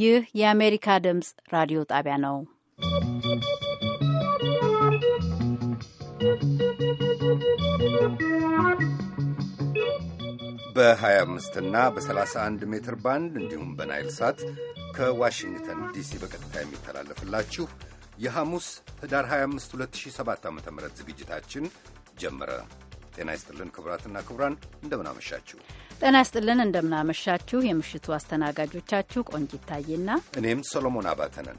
ይህ የአሜሪካ ድምፅ ራዲዮ ጣቢያ ነው። በ25 እና በ31 ሜትር ባንድ እንዲሁም በናይል ሳት ከዋሽንግተን ዲሲ በቀጥታ የሚተላለፍላችሁ የሐሙስ ህዳር 25 2007 ዓ ም ዝግጅታችን ጀመረ። ጤና ይስጥልን ክቡራትና ክቡራን፣ አመሻችሁ? ጤና ያስጥልን እንደምናመሻችሁ። የምሽቱ አስተናጋጆቻችሁ ቆንጂት ታዬና እኔም ሰሎሞን አባተነን።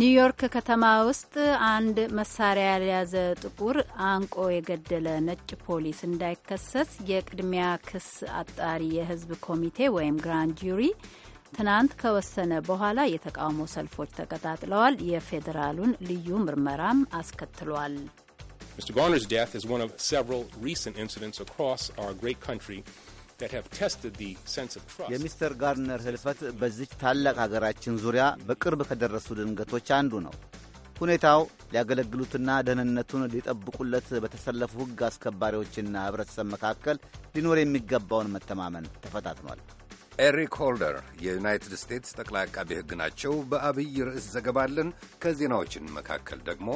ኒውዮርክ ከተማ ውስጥ አንድ መሳሪያ ያልያዘ ጥቁር አንቆ የገደለ ነጭ ፖሊስ እንዳይከሰስ የቅድሚያ ክስ አጣሪ የሕዝብ ኮሚቴ ወይም ግራንድ ጁሪ ትናንት ከወሰነ በኋላ የተቃውሞ ሰልፎች ተቀጣጥለዋል። የፌዴራሉን ልዩ ምርመራም አስከትሏል። Mr. Garner's death is one of several recent incidents across our great country የሚስተር ጋርነር ህልፈት በዚች ታላቅ ሀገራችን ዙሪያ በቅርብ ከደረሱ ድንገቶች አንዱ ነው። ሁኔታው ሊያገለግሉትና ደህንነቱን ሊጠብቁለት በተሰለፉ ሕግ አስከባሪዎችና ህብረተሰብ መካከል ሊኖር የሚገባውን መተማመን ተፈታትኗል። ኤሪክ ሆልደር የዩናይትድ ስቴትስ ጠቅላይ አቃቤ ሕግ ናቸው። በአብይ ርዕስ ዘገባለን ከዜናዎችን መካከል ደግሞ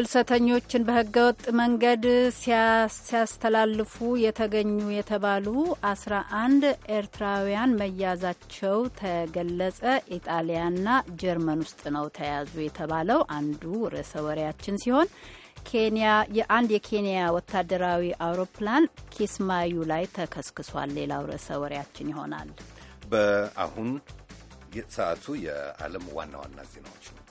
ፍልሰተኞችን በህገወጥ መንገድ ሲያስተላልፉ የተገኙ የተባሉ አስራ አንድ ኤርትራውያን መያዛቸው ተገለጸ። ኢጣሊያና ጀርመን ውስጥ ነው ተያዙ የተባለው አንዱ ርዕሰ ወሬያችን ሲሆን ኬንያ የአንድ የኬንያ ወታደራዊ አውሮፕላን ኪስማዩ ላይ ተከስክሷል። ሌላው ርዕሰ ወሬያችን ይሆናል። በአሁን ሰዓቱ የዓለም ዋና ዋና ዜናዎች ነው።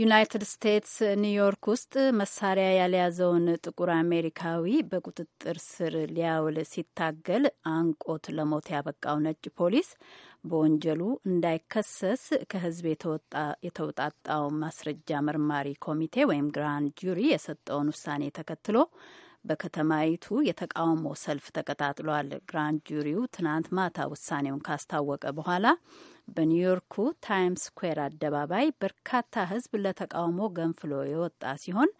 ዩናይትድ ስቴትስ ኒውዮርክ ውስጥ መሳሪያ ያልያዘውን ጥቁር አሜሪካዊ በቁጥጥር ስር ሊያውል ሲታገል አንቆት ለሞት ያበቃው ነጭ ፖሊስ በወንጀሉ እንዳይከሰስ ከሕዝብ የተውጣጣው ማስረጃ መርማሪ ኮሚቴ ወይም ግራንድ ጁሪ የሰጠውን ውሳኔ ተከትሎ በከተማይቱ የተቃውሞ ሰልፍ ተቀጣጥሏል። ግራንድ ጁሪው ትናንት ማታ ውሳኔውን ካስታወቀ በኋላ በኒውዮርኩ ታይምስ ስኩዌር አደባባይ በርካታ ሕዝብ ለተቃውሞ ገንፍሎ የወጣ ሲሆን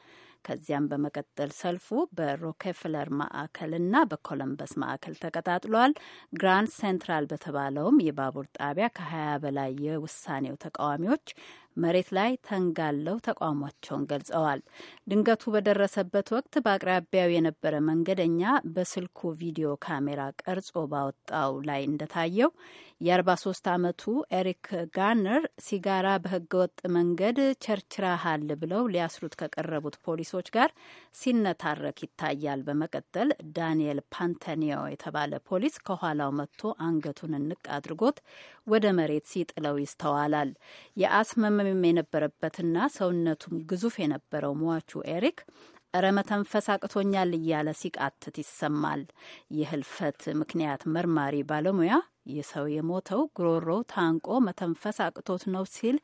ከዚያም በመቀጠል ሰልፉ በሮኬፍለር ማዕከልና በኮለምበስ ማዕከል ተቀጣጥሏል። ግራንድ ሴንትራል በተባለውም የባቡር ጣቢያ ከ20 በላይ የውሳኔው ተቃዋሚዎች መሬት ላይ ተንጋለው ተቃውሟቸውን ገልጸዋል። ድንገቱ በደረሰበት ወቅት በአቅራቢያው የነበረ መንገደኛ በስልኩ ቪዲዮ ካሜራ ቀርጾ ባወጣው ላይ እንደታየው የ43 ዓመቱ ኤሪክ ጋርነር ሲጋራ በህገወጥ መንገድ ቸርችራሃል ብለው ሊያስሩት ከቀረቡት ፖሊሶች ጋር ሲነታረክ ይታያል። በመቀጠል ዳንኤል ፓንተኒዮ የተባለ ፖሊስ ከኋላው መጥቶ አንገቱን እንቅ አድርጎት ወደ መሬት ሲጥለው ይስተዋላል። የአስመም ህመምም የነበረበትና ሰውነቱም ግዙፍ የነበረው ሟቹ ኤሪክ እረ መተንፈስ አቅቶኛል እያለ ሲቃትት ይሰማል። የህልፈት ምክንያት መርማሪ ባለሙያ ይህ ሰው የሞተው ጉሮሮ ታንቆ መተንፈስ አቅቶት ነው ሲል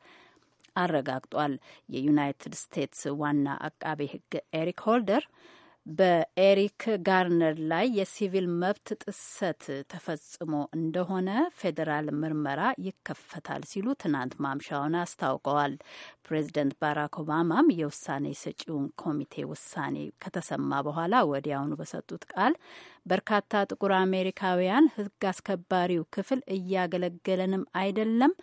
አረጋግጧል። የዩናይትድ ስቴትስ ዋና አቃቤ ህግ ኤሪክ ሆልደር በኤሪክ ጋርነር ላይ የሲቪል መብት ጥሰት ተፈጽሞ እንደሆነ ፌዴራል ምርመራ ይከፈታል ሲሉ ትናንት ማምሻውን አስታውቀዋል። ፕሬዚደንት ባራክ ኦባማም የውሳኔ ሰጪውን ኮሚቴ ውሳኔ ከተሰማ በኋላ ወዲያውኑ በሰጡት ቃል በርካታ ጥቁር አሜሪካውያን ሕግ አስከባሪው ክፍል እያገለገለንም አይደለም፣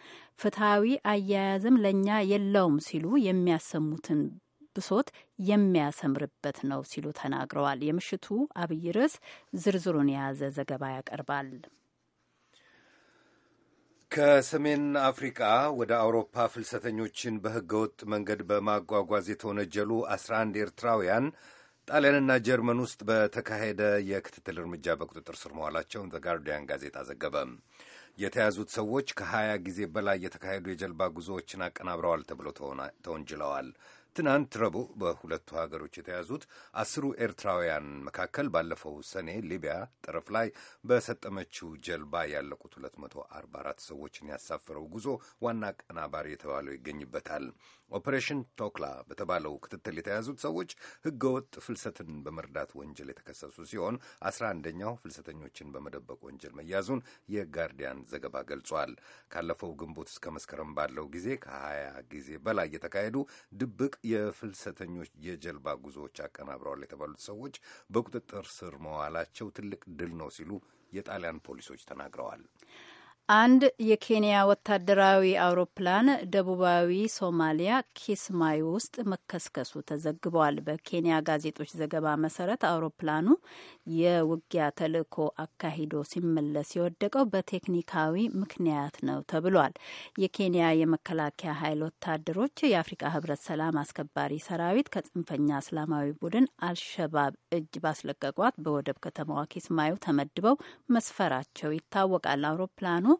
ፍትሐዊ አያያዝም ለእኛ የለውም ሲሉ የሚያሰሙትን ብሶት የሚያሰምርበት ነው ሲሉ ተናግረዋል። የምሽቱ አብይ ርዕስ ዝርዝሩን የያዘ ዘገባ ያቀርባል። ከሰሜን አፍሪቃ ወደ አውሮፓ ፍልሰተኞችን በህገወጥ መንገድ በማጓጓዝ የተወነጀሉ 11 ኤርትራውያን ጣሊያንና ጀርመን ውስጥ በተካሄደ የክትትል እርምጃ በቁጥጥር ስር መዋላቸውን ዘጋርዲያን ጋዜጣ ዘገበ። የተያዙት ሰዎች ከ20 ጊዜ በላይ የተካሄዱ የጀልባ ጉዞዎችን አቀናብረዋል ተብሎ ተወንጅለዋል። ትናንት ረቡዕ በሁለቱ ሀገሮች የተያዙት አስሩ ኤርትራውያን መካከል ባለፈው ሰኔ ሊቢያ ጠረፍ ላይ በሰጠመችው ጀልባ ያለቁት 244 ሰዎችን ያሳፈረው ጉዞ ዋና አቀናባሪ የተባለው ይገኝበታል። ኦፕሬሽን ቶክላ በተባለው ክትትል የተያዙት ሰዎች ህገወጥ ፍልሰትን በመርዳት ወንጀል የተከሰሱ ሲሆን አስራ አንደኛው ፍልሰተኞችን በመደበቅ ወንጀል መያዙን የጋርዲያን ዘገባ ገልጿል። ካለፈው ግንቦት እስከ መስከረም ባለው ጊዜ ከሀያ ጊዜ በላይ የተካሄዱ ድብቅ የፍልሰተኞች የጀልባ ጉዞዎች አቀናብረዋል የተባሉት ሰዎች በቁጥጥር ስር መዋላቸው ትልቅ ድል ነው ሲሉ የጣሊያን ፖሊሶች ተናግረዋል። አንድ የኬንያ ወታደራዊ አውሮፕላን ደቡባዊ ሶማሊያ ኪስማይ ውስጥ መከስከሱ ተዘግቧል። በኬንያ ጋዜጦች ዘገባ መሰረት አውሮፕላኑ የውጊያ ተልዕኮ አካሂዶ ሲመለስ የወደቀው በቴክኒካዊ ምክንያት ነው ተብሏል። የኬንያ የመከላከያ ኃይል ወታደሮች የአፍሪካ ሕብረት ሰላም አስከባሪ ሰራዊት ከጽንፈኛ እስላማዊ ቡድን አልሸባብ እጅ ባስለቀቋት በወደብ ከተማዋ ኪስማዩ ተመድበው መስፈራቸው ይታወቃል። አውሮፕላኑ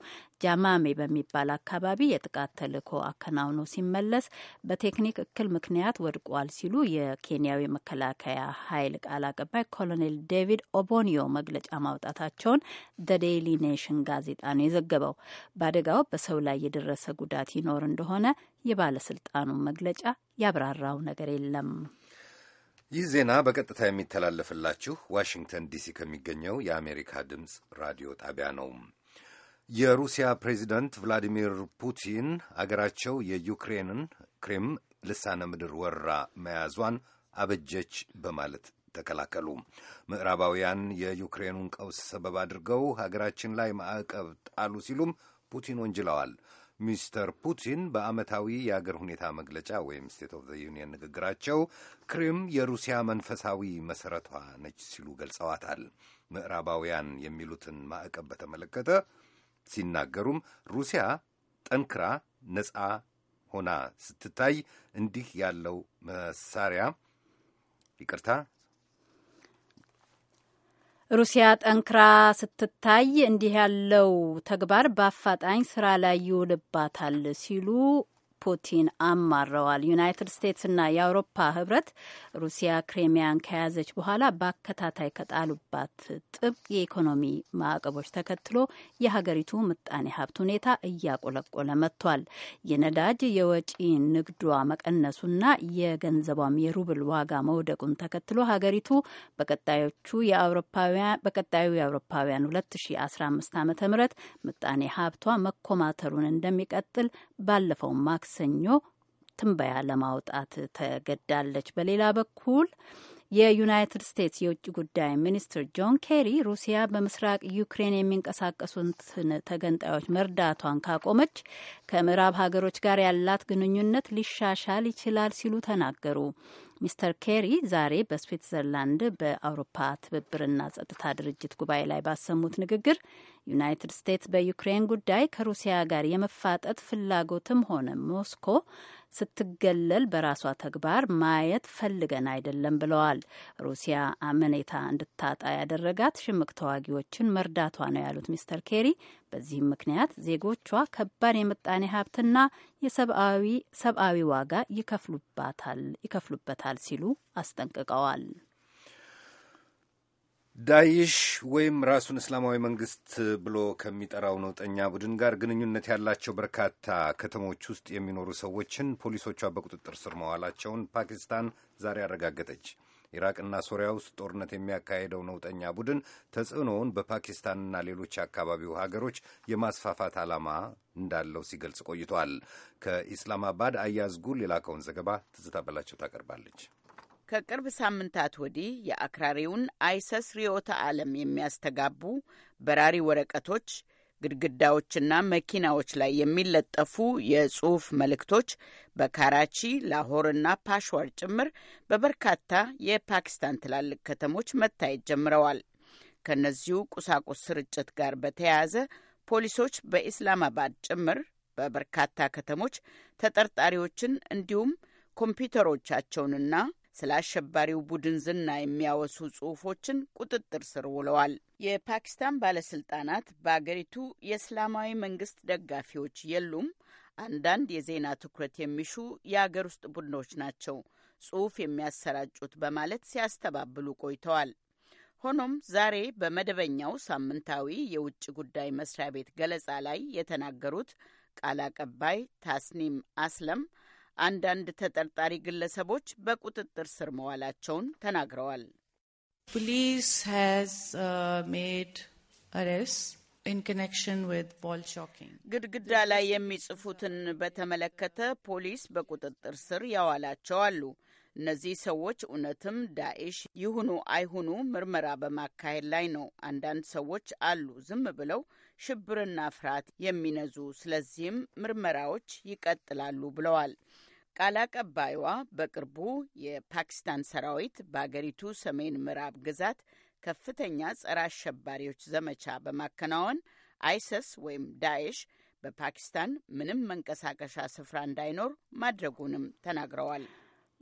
ጃማሜ በሚባል አካባቢ የጥቃት ተልኮ አከናውኖ ሲመለስ በቴክኒክ እክል ምክንያት ወድቋል ሲሉ የኬንያዊ መከላከያ ኃይል ቃል አቀባይ ኮሎኔል ዴቪድ ኦቦኒዮ መግለጫ ማውጣታቸውን ዘ ዴይሊ ኔሽን ጋዜጣ ነው የዘገበው። በአደጋው በሰው ላይ የደረሰ ጉዳት ይኖር እንደሆነ የባለስልጣኑ መግለጫ ያብራራው ነገር የለም። ይህ ዜና በቀጥታ የሚተላለፍላችሁ ዋሽንግተን ዲሲ ከሚገኘው የአሜሪካ ድምፅ ራዲዮ ጣቢያ ነው። የሩሲያ ፕሬዚደንት ቭላዲሚር ፑቲን አገራቸው የዩክሬንን ክሪም ልሳነ ምድር ወራ መያዟን አበጀች በማለት ተከላከሉ። ምዕራባውያን የዩክሬኑን ቀውስ ሰበብ አድርገው ሀገራችን ላይ ማዕቀብ ጣሉ ሲሉም ፑቲን ወንጅለዋል። ሚስተር ፑቲን በዓመታዊ የአገር ሁኔታ መግለጫ ወይም ስቴት ኦፍ ዘ ዩኒየን ንግግራቸው ክሪም የሩሲያ መንፈሳዊ መሠረቷ ነች ሲሉ ገልጸዋታል። ምዕራባውያን የሚሉትን ማዕቀብ በተመለከተ ሲናገሩም ሩሲያ ጠንክራ ነፃ ሆና ስትታይ እንዲህ ያለው መሳሪያ ይቅርታ ሩሲያ ጠንክራ ስትታይ እንዲህ ያለው ተግባር በአፋጣኝ ስራ ላይ ይውልባታል ሲሉ ፑቲን አማረዋል። ዩናይትድ ስቴትስና የአውሮፓ ህብረት ሩሲያ ክሬሚያን ከያዘች በኋላ በአከታታይ ከጣሉባት ጥብቅ የኢኮኖሚ ማዕቀቦች ተከትሎ የሀገሪቱ ምጣኔ ሀብት ሁኔታ እያቆለቆለ መጥቷል። የነዳጅ የወጪ ንግዷ መቀነሱና የገንዘቧም የሩብል ዋጋ መውደቁን ተከትሎ ሀገሪቱ በቀጣዮቹ በቀጣዩ የአውሮፓውያን 2015 ዓ ም ምጣኔ ሀብቷ መኮማተሩን እንደሚቀጥል ባለፈው ማክ ማክሰኞ ትንበያ ለማውጣት ተገዳለች። በሌላ በኩል የዩናይትድ ስቴትስ የውጭ ጉዳይ ሚኒስትር ጆን ኬሪ ሩሲያ በምስራቅ ዩክሬን የሚንቀሳቀሱትን ተገንጣዮች መርዳቷን ካቆመች ከምዕራብ ሀገሮች ጋር ያላት ግንኙነት ሊሻሻል ይችላል ሲሉ ተናገሩ። ሚስተር ኬሪ ዛሬ በስዊትዘርላንድ በአውሮፓ ትብብርና ጸጥታ ድርጅት ጉባኤ ላይ ባሰሙት ንግግር ዩናይትድ ስቴትስ በዩክሬን ጉዳይ ከሩሲያ ጋር የመፋጠጥ ፍላጎትም ሆነ ሞስኮ ስትገለል በራሷ ተግባር ማየት ፈልገን አይደለም ብለዋል። ሩሲያ አመኔታ እንድታጣ ያደረጋት ሽምቅ ተዋጊዎችን መርዳቷ ነው ያሉት ሚስተር ኬሪ በዚህም ምክንያት ዜጎቿ ከባድ የምጣኔ ሀብትና የሰብአዊ ዋጋ ይከፍሉበታል ሲሉ አስጠንቅቀዋል። ዳይሽ ወይም ራሱን እስላማዊ መንግስት ብሎ ከሚጠራው ነውጠኛ ቡድን ጋር ግንኙነት ያላቸው በርካታ ከተሞች ውስጥ የሚኖሩ ሰዎችን ፖሊሶቿ በቁጥጥር ስር መዋላቸውን ፓኪስታን ዛሬ አረጋገጠች። ኢራቅና ሶሪያ ውስጥ ጦርነት የሚያካሄደው ነውጠኛ ቡድን ተጽዕኖውን በፓኪስታንና ሌሎች አካባቢው ሀገሮች የማስፋፋት ዓላማ እንዳለው ሲገልጽ ቆይቷል። ከኢስላማባድ አያዝ ጉል የላከውን ዘገባ ትዝታ በላቸው ታቀርባለች። ከቅርብ ሳምንታት ወዲህ የአክራሪውን አይሰስ ርዕዮተ ዓለም የሚያስተጋቡ በራሪ ወረቀቶች ግድግዳዎችና መኪናዎች ላይ የሚለጠፉ የጽሑፍ መልእክቶች በካራቺ፣ ላሆርና ፓሽዋር ጭምር በበርካታ የፓኪስታን ትላልቅ ከተሞች መታየት ጀምረዋል። ከእነዚሁ ቁሳቁስ ስርጭት ጋር በተያያዘ ፖሊሶች በኢስላማባድ ጭምር በበርካታ ከተሞች ተጠርጣሪዎችን እንዲሁም ኮምፒውተሮቻቸውንና ስለ አሸባሪው ቡድን ዝና የሚያወሱ ጽሑፎችን ቁጥጥር ስር ውለዋል። የፓኪስታን ባለስልጣናት በአገሪቱ የእስላማዊ መንግስት ደጋፊዎች የሉም፣ አንዳንድ የዜና ትኩረት የሚሹ የአገር ውስጥ ቡድኖች ናቸው ጽሑፍ የሚያሰራጩት በማለት ሲያስተባብሉ ቆይተዋል። ሆኖም ዛሬ በመደበኛው ሳምንታዊ የውጭ ጉዳይ መስሪያ ቤት ገለጻ ላይ የተናገሩት ቃል አቀባይ ታስኒም አስለም አንዳንድ ተጠርጣሪ ግለሰቦች በቁጥጥር ስር መዋላቸውን ተናግረዋል። uh, ግድግዳ ላይ የሚጽፉትን በተመለከተ ፖሊስ በቁጥጥር ስር ያዋላቸው አሉ። እነዚህ ሰዎች እውነትም ዳኤሽ ይሁኑ አይሁኑ ምርመራ በማካሄድ ላይ ነው። አንዳንድ ሰዎች አሉ ዝም ብለው ሽብርና ፍርሃት የሚነዙ ስለዚህም ምርመራዎች ይቀጥላሉ ብለዋል። ቃል አቀባይዋ በቅርቡ የፓኪስታን ሰራዊት በአገሪቱ ሰሜን ምዕራብ ግዛት ከፍተኛ ጸረ አሸባሪዎች ዘመቻ በማከናወን አይሰስ ወይም ዳኤሽ በፓኪስታን ምንም መንቀሳቀሻ ስፍራ እንዳይኖር ማድረጉንም ተናግረዋል።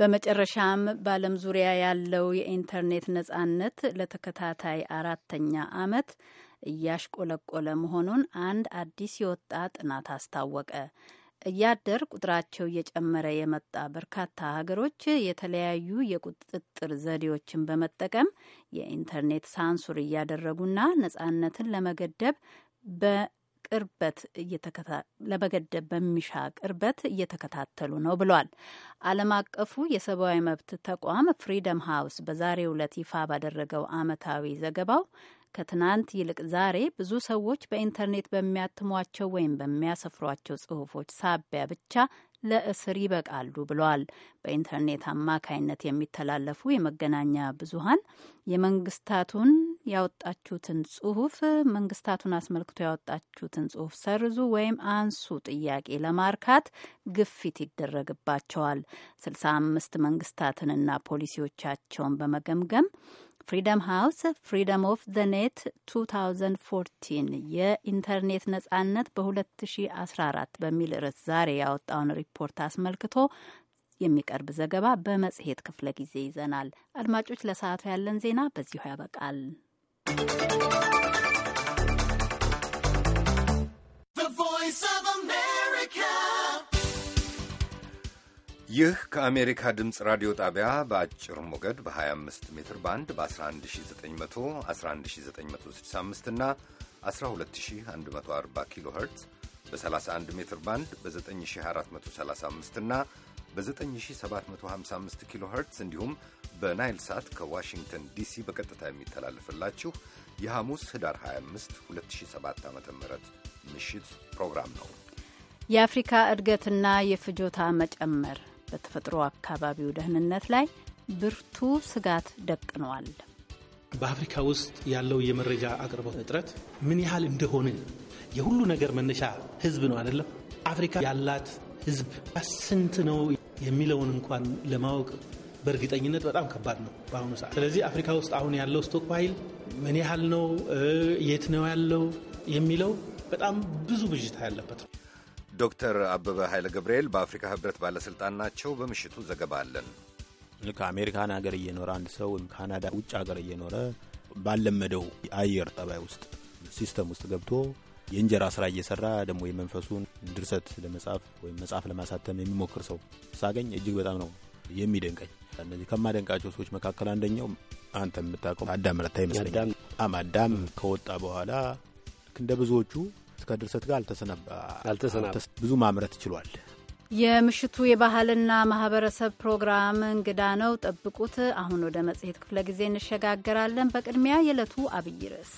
በመጨረሻም በዓለም ዙሪያ ያለው የኢንተርኔት ነጻነት ለተከታታይ አራተኛ ዓመት እያሽቆለቆለ መሆኑን አንድ አዲስ የወጣ ጥናት አስታወቀ። እያደር ቁጥራቸው እየጨመረ የመጣ በርካታ ሀገሮች የተለያዩ የቁጥጥር ዘዴዎችን በመጠቀም የኢንተርኔት ሳንሱር እያደረጉና ነጻነትን ለመገደብ በቅርበት ለመገደብ በሚሻ ቅርበት እየተከታተሉ ነው ብሏል። ዓለም አቀፉ የሰብአዊ መብት ተቋም ፍሪደም ሃውስ በዛሬው ዕለት ይፋ ባደረገው ዓመታዊ ዘገባው ከትናንት ይልቅ ዛሬ ብዙ ሰዎች በኢንተርኔት በሚያትሟቸው ወይም በሚያሰፍሯቸው ጽሁፎች ሳቢያ ብቻ ለእስር ይበቃሉ ብለዋል። በኢንተርኔት አማካይነት የሚተላለፉ የመገናኛ ብዙሀን የመንግስታቱን ያወጣችሁትን ጽሁፍ መንግስታቱን አስመልክቶ ያወጣችሁትን ጽሁፍ ሰርዙ ወይም አንሱ ጥያቄ ለማርካት ግፊት ይደረግባቸዋል። ስልሳ አምስት መንግስታትንና ፖሊሲዎቻቸውን በመገምገም ፍሪደም ሃውስ ፍሪደም ኦፍ ዘ ኔት 2014 የኢንተርኔት ነጻነት በ2014 በሚል ርዕስ ዛሬ ያወጣውን ሪፖርት አስመልክቶ የሚቀርብ ዘገባ በመጽሔት ክፍለ ጊዜ ይዘናል። አድማጮች፣ ለሰዓቱ ያለን ዜና በዚሁ ያበቃል። ይህ ከአሜሪካ ድምፅ ራዲዮ ጣቢያ በአጭር ሞገድ በ25 ሜትር ባንድ በ 11911965 እና 12140 ኪሎ ኸርትዝ በ31 ሜትር ባንድ በ9435 እና በ9755 ኪሎ ኸርትዝ እንዲሁም በናይል ሳት ከዋሽንግተን ዲሲ በቀጥታ የሚተላለፍላችሁ የሐሙስ ህዳር 25 2007 ዓ ም ምሽት ፕሮግራም ነው። የአፍሪካ እድገትና የፍጆታ መጨመር በተፈጥሮ አካባቢው ደህንነት ላይ ብርቱ ስጋት ደቅነዋል። በአፍሪካ ውስጥ ያለው የመረጃ አቅርቦት እጥረት ምን ያህል እንደሆነ የሁሉ ነገር መነሻ ህዝብ ነው አይደለም? አፍሪካ ያላት ህዝብ ስንት ነው የሚለውን እንኳን ለማወቅ በእርግጠኝነት በጣም ከባድ ነው በአሁኑ ሰዓት። ስለዚህ አፍሪካ ውስጥ አሁን ያለው ስቶክ ምን ያህል ነው፣ የት ነው ያለው የሚለው በጣም ብዙ ብዥታ ያለበት ነው። ዶክተር አበበ ኃይለ ገብርኤል በአፍሪካ ህብረት ባለሥልጣን ናቸው። በምሽቱ ዘገባ አለን። ከአሜሪካን ሀገር እየኖረ አንድ ሰው ወይም ካናዳ ውጭ ሀገር እየኖረ ባለመደው አየር ጠባይ ውስጥ ሲስተም ውስጥ ገብቶ የእንጀራ ስራ እየሰራ ደግሞ የመንፈሱን ድርሰት ለመጻፍ ወይም መጽሐፍ ለማሳተም የሚሞክር ሰው ሳገኝ እጅግ በጣም ነው የሚደንቀኝ። እነዚህ ከማደንቃቸው ሰዎች መካከል አንደኛው አንተ የምታውቀው አዳም ረታ ይመስለኛል። አዳም ከወጣ በኋላ እንደ ብዙዎቹ ከድርሰት ጋር አልተሰናበ ብዙ ማምረት ችሏል። የምሽቱ የባህልና ማህበረሰብ ፕሮግራም እንግዳ ነው፣ ጠብቁት። አሁን ወደ መጽሔት ክፍለ ጊዜ እንሸጋገራለን። በቅድሚያ የዕለቱ አብይ ርዕስ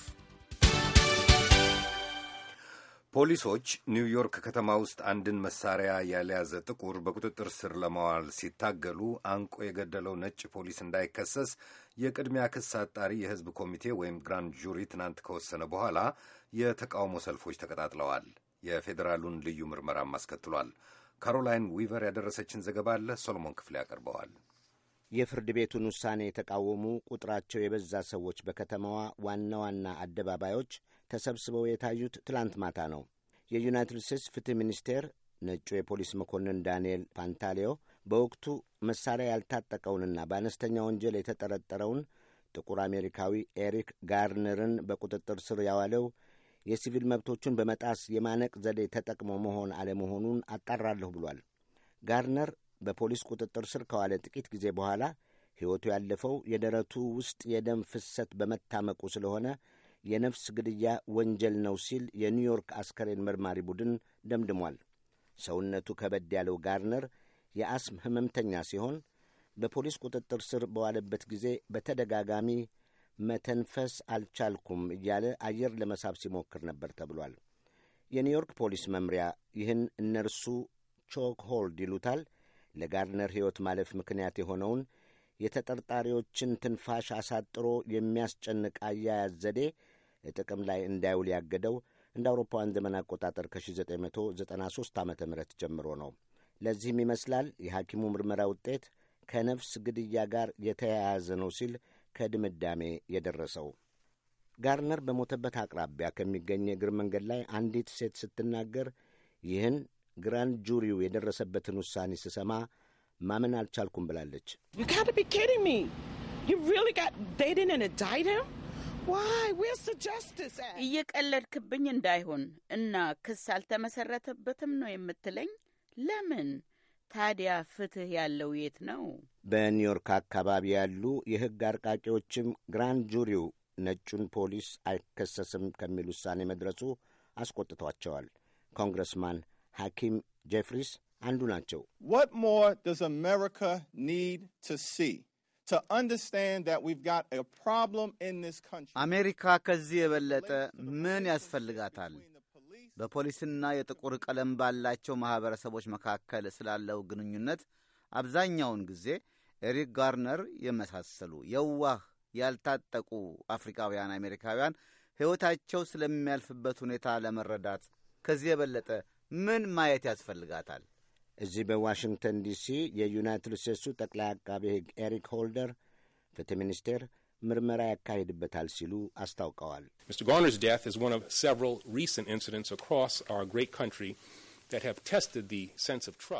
ፖሊሶች ኒውዮርክ ከተማ ውስጥ አንድን መሳሪያ ያልያዘ ጥቁር በቁጥጥር ስር ለማዋል ሲታገሉ አንቆ የገደለው ነጭ ፖሊስ እንዳይከሰስ የቅድሚያ ክስ አጣሪ የሕዝብ ኮሚቴ ወይም ግራንድ ጁሪ ትናንት ከወሰነ በኋላ የተቃውሞ ሰልፎች ተቀጣጥለዋል። የፌዴራሉን ልዩ ምርመራም አስከትሏል። ካሮላይን ዊቨር ያደረሰችን ዘገባ አለ። ሶሎሞን ክፍሌ ያቀርበዋል። የፍርድ ቤቱን ውሳኔ የተቃወሙ ቁጥራቸው የበዛ ሰዎች በከተማዋ ዋና ዋና አደባባዮች ተሰብስበው የታዩት ትላንት ማታ ነው። የዩናይትድ ስቴትስ ፍትሕ ሚኒስቴር ነጩ የፖሊስ መኮንን ዳንኤል ፓንታሌዮ በወቅቱ መሳሪያ ያልታጠቀውንና በአነስተኛ ወንጀል የተጠረጠረውን ጥቁር አሜሪካዊ ኤሪክ ጋርነርን በቁጥጥር ስር ያዋለው የሲቪል መብቶችን በመጣስ የማነቅ ዘዴ ተጠቅሞ መሆን አለመሆኑን አጣራለሁ ብሏል። ጋርነር በፖሊስ ቁጥጥር ስር ከዋለ ጥቂት ጊዜ በኋላ ሕይወቱ ያለፈው የደረቱ ውስጥ የደም ፍሰት በመታመቁ ስለሆነ የነፍስ ግድያ ወንጀል ነው ሲል የኒውዮርክ አስከሬን መርማሪ ቡድን ደምድሟል። ሰውነቱ ከበድ ያለው ጋርነር የአስም ሕመምተኛ ሲሆን በፖሊስ ቁጥጥር ስር በዋለበት ጊዜ በተደጋጋሚ መተንፈስ አልቻልኩም እያለ አየር ለመሳብ ሲሞክር ነበር ተብሏል። የኒውዮርክ ፖሊስ መምሪያ ይህን እነርሱ ቾክ ሆልድ ይሉታል ለጋርነር ሕይወት ማለፍ ምክንያት የሆነውን የተጠርጣሪዎችን ትንፋሽ አሳጥሮ የሚያስጨንቅ አያያዝ ዘዴ ጥቅም ላይ እንዳይውል ያገደው እንደ አውሮፓውያን ዘመን አቆጣጠር ከ1993 ዓ ም ጀምሮ ነው። ለዚህም ይመስላል የሐኪሙ ምርመራ ውጤት ከነፍስ ግድያ ጋር የተያያዘ ነው ሲል ከድምዳሜ የደረሰው። ጋርነር በሞተበት አቅራቢያ ከሚገኝ የእግር መንገድ ላይ አንዲት ሴት ስትናገር ይህን ግራንድ ጁሪው የደረሰበትን ውሳኔ ስሰማ ማመን አልቻልኩም ብላለች። እየቀለድክብኝ እንዳይሆን እና ክስ አልተመሰረተበትም ነው የምትለኝ? ለምን ታዲያ ፍትህ ያለው የት ነው? በኒውዮርክ አካባቢ ያሉ የሕግ አርቃቂዎችም ግራንድ ጁሪው ነጩን ፖሊስ አይከሰስም ከሚል ውሳኔ መድረሱ አስቆጥቷቸዋል። ኮንግረስማን ሐኪም ጄፍሪስ አንዱ ናቸው። What more does America need to see to understand that አሜሪካ ከዚህ የበለጠ ምን ያስፈልጋታል? በፖሊስና የጥቁር ቀለም ባላቸው ማኅበረሰቦች መካከል ስላለው ግንኙነት አብዛኛውን ጊዜ ኤሪክ ጋርነር የመሳሰሉ የዋህ ያልታጠቁ አፍሪካውያን አሜሪካውያን ሕይወታቸው ስለሚያልፍበት ሁኔታ ለመረዳት ከዚህ የበለጠ ምን ማየት ያስፈልጋታል? እዚህ በዋሽንግተን ዲሲ የዩናይትድ ስቴትሱ ጠቅላይ አቃቤ ሕግ ኤሪክ ሆልደር ፍትሕ ሚኒስቴር ምርመራ ያካሂድበታል ሲሉ አስታውቀዋል።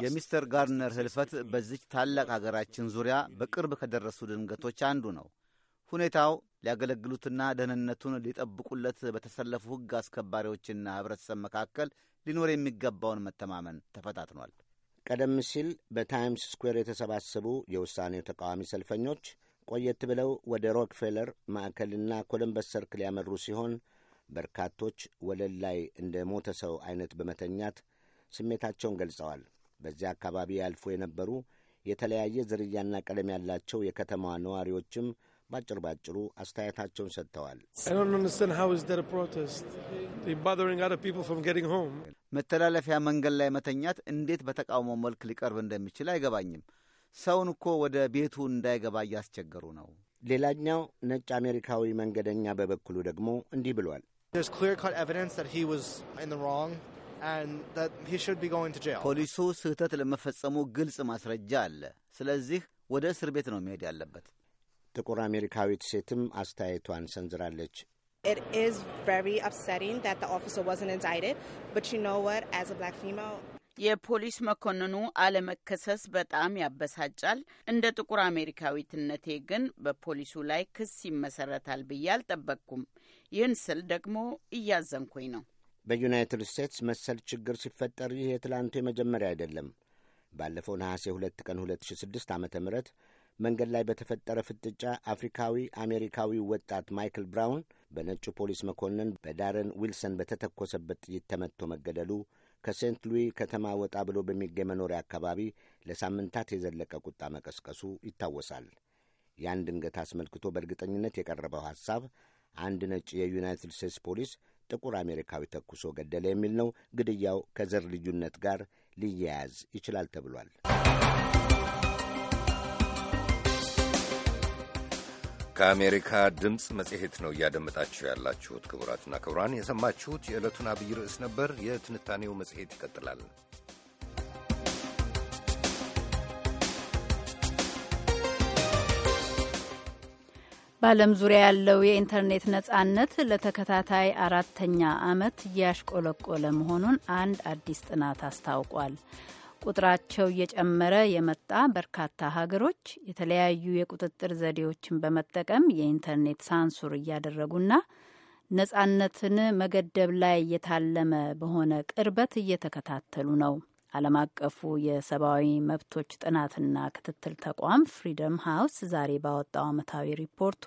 የሚስተር ጋርነር ህልፈት በዚች ታላቅ ሀገራችን ዙሪያ በቅርብ ከደረሱ ድንገቶች አንዱ ነው። ሁኔታው ሊያገለግሉትና ደህንነቱን ሊጠብቁለት በተሰለፉ ሕግ አስከባሪዎችና ህብረተሰብ መካከል ሊኖር የሚገባውን መተማመን ተፈታትኗል። ቀደም ሲል በታይምስ ስኩዌር የተሰባሰቡ የውሳኔው ተቃዋሚ ሰልፈኞች ቆየት ብለው ወደ ሮክፌለር ማዕከልና ኮለምበስ ሰርክል ያመሩ ሲሆን በርካቶች ወለል ላይ እንደ ሞተ ሰው አይነት በመተኛት ስሜታቸውን ገልጸዋል። በዚያ አካባቢ ያልፉ የነበሩ የተለያየ ዝርያና ቀለም ያላቸው የከተማዋ ነዋሪዎችም ባጭር ባጭሩ አስተያየታቸውን ሰጥተዋል። መተላለፊያ መንገድ ላይ መተኛት እንዴት በተቃውሞ መልክ ሊቀርብ እንደሚችል አይገባኝም። ሰውን እኮ ወደ ቤቱ እንዳይገባ እያስቸገሩ ነው። ሌላኛው ነጭ አሜሪካዊ መንገደኛ በበኩሉ ደግሞ እንዲህ ብሏል። ፖሊሱ ስህተት ለመፈጸሙ ግልጽ ማስረጃ አለ። ስለዚህ ወደ እስር ቤት ነው መሄድ ያለበት። ጥቁር አሜሪካዊት ሴትም አስተያየቷን ሰንዝራለች። የፖሊስ መኮንኑ አለመከሰስ በጣም ያበሳጫል። እንደ ጥቁር አሜሪካዊትነቴ ግን በፖሊሱ ላይ ክስ ይመሰረታል ብዬ አልጠበቅኩም። ይህን ስል ደግሞ እያዘንኩኝ ነው። በዩናይትድ ስቴትስ መሰል ችግር ሲፈጠር ይህ የትላንቱ የመጀመሪያ አይደለም። ባለፈው ነሐሴ 2 ቀን 2006 ዓ ም መንገድ ላይ በተፈጠረ ፍጥጫ አፍሪካዊ አሜሪካዊ ወጣት ማይክል ብራውን በነጩ ፖሊስ መኮንን በዳረን ዊልሰን በተተኮሰበት ጥይት ተመትቶ መገደሉ ከሴንት ሉዊ ከተማ ወጣ ብሎ በሚገኝ መኖሪያ አካባቢ ለሳምንታት የዘለቀ ቁጣ መቀስቀሱ ይታወሳል። ያን ድንገት አስመልክቶ በእርግጠኝነት የቀረበው ሐሳብ አንድ ነጭ የዩናይትድ ስቴትስ ፖሊስ ጥቁር አሜሪካዊ ተኩሶ ገደለ የሚል ነው። ግድያው ከዘር ልዩነት ጋር ሊያያዝ ይችላል ተብሏል። ከአሜሪካ ድምፅ መጽሔት ነው እያደመጣችሁ ያላችሁት። ክቡራትና ክቡራን የሰማችሁት የዕለቱን አብይ ርዕስ ነበር። የትንታኔው መጽሔት ይቀጥላል። በዓለም ዙሪያ ያለው የኢንተርኔት ነጻነት ለተከታታይ አራተኛ ዓመት እያሽቆለቆለ መሆኑን አንድ አዲስ ጥናት አስታውቋል። ቁጥራቸው እየጨመረ የመጣ በርካታ ሀገሮች የተለያዩ የቁጥጥር ዘዴዎችን በመጠቀም የኢንተርኔት ሳንሱር እያደረጉና ነጻነትን መገደብ ላይ እየታለመ በሆነ ቅርበት እየተከታተሉ ነው። ዓለም አቀፉ የሰብአዊ መብቶች ጥናትና ክትትል ተቋም ፍሪደም ሃውስ ዛሬ ባወጣው ዓመታዊ ሪፖርቱ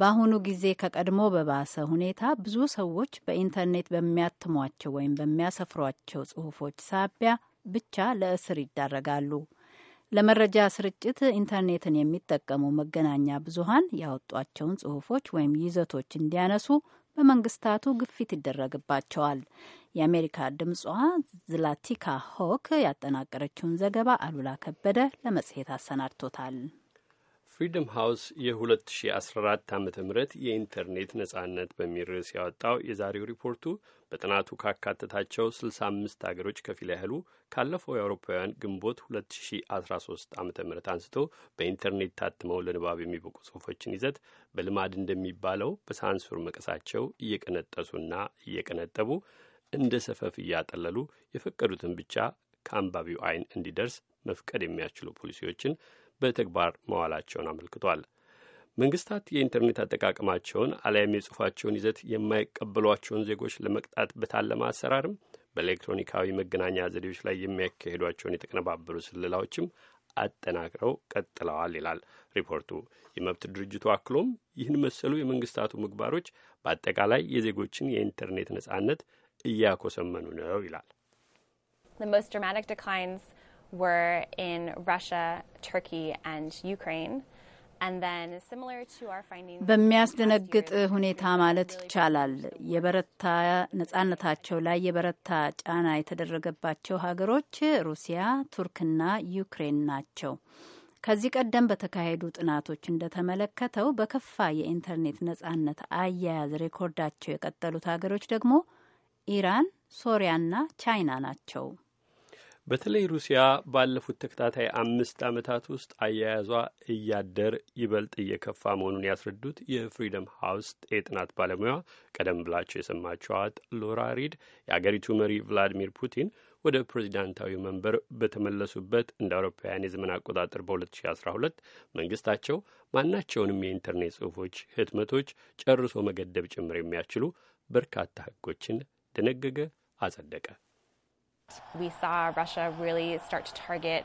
በአሁኑ ጊዜ ከቀድሞ በባሰ ሁኔታ ብዙ ሰዎች በኢንተርኔት በሚያትሟቸው ወይም በሚያሰፍሯቸው ጽሁፎች ሳቢያ ብቻ ለእስር ይዳረጋሉ። ለመረጃ ስርጭት ኢንተርኔትን የሚጠቀሙ መገናኛ ብዙኃን ያወጧቸውን ጽሁፎች ወይም ይዘቶች እንዲያነሱ በመንግስታቱ ግፊት ይደረግባቸዋል። የአሜሪካ ድምጿ ዝላቲካ ሆክ ያጠናቀረችውን ዘገባ አሉላ ከበደ ለመጽሔት አሰናድቶታል። ፍሪደም ሃውስ የ2014 ዓ ም የኢንተርኔት ነጻነት በሚል ርዕስ ያወጣው የዛሬው ሪፖርቱ በጥናቱ ካካተታቸው 65 አገሮች ከፊል ያህሉ ካለፈው የአውሮፓውያን ግንቦት 2013 ዓ ም አንስቶ በኢንተርኔት ታትመው ለንባብ የሚበቁ ጽሁፎችን ይዘት በልማድ እንደሚባለው በሳንሱር መቀሳቸው እየቀነጠሱና እየቀነጠቡ እንደ ሰፈፍ እያጠለሉ የፈቀዱትን ብቻ ከአንባቢው አይን እንዲደርስ መፍቀድ የሚያስችሉ ፖሊሲዎችን በተግባር መዋላቸውን አመልክቷል። መንግስታት የኢንተርኔት አጠቃቀማቸውን አሊያም የጽሑፋቸውን ይዘት የማይቀበሏቸውን ዜጎች ለመቅጣት በታለመ አሰራርም በኤሌክትሮኒካዊ መገናኛ ዘዴዎች ላይ የሚያካሄዷቸውን የተቀነባበሩ ስልላዎችም አጠናክረው ቀጥለዋል ይላል ሪፖርቱ። የመብት ድርጅቱ አክሎም ይህን መሰሉ የመንግስታቱ ምግባሮች በአጠቃላይ የዜጎችን የኢንተርኔት ነጻነት እያኮሰመኑ ነው ይላል። ዩክሬን በሚያስደነግጥ ሁኔታ ማለት ይቻላል የበረታ ነጻነታቸው ላይ የበረታ ጫና የተደረገባቸው ሀገሮች ሩሲያ፣ ቱርክና ዩክሬን ናቸው። ከዚህ ቀደም በተካሄዱ ጥናቶች እንደተመለከተው በከፋ የኢንተርኔት ነጻነት አያያዝ ሬኮርዳቸው የቀጠሉት ሀገሮች ደግሞ ኢራን፣ ሶሪያና ቻይና ናቸው። በተለይ ሩሲያ ባለፉት ተከታታይ አምስት ዓመታት ውስጥ አያያዟ እያደር ይበልጥ እየከፋ መሆኑን ያስረዱት የፍሪደም ሀውስ የጥናት ባለሙያ ቀደም ብላቸው የሰማችኋት ሎራ ሪድ የአገሪቱ መሪ ቭላዲሚር ፑቲን ወደ ፕሬዚዳንታዊ መንበር በተመለሱበት እንደ አውሮፓውያን የዘመን አቆጣጠር በ2012 መንግስታቸው ማናቸውንም የኢንተርኔት ጽሁፎች ህትመቶች ጨርሶ መገደብ ጭምር የሚያስችሉ በርካታ ህጎችን ደነገገ፣ አጸደቀ። We saw Russia really start to target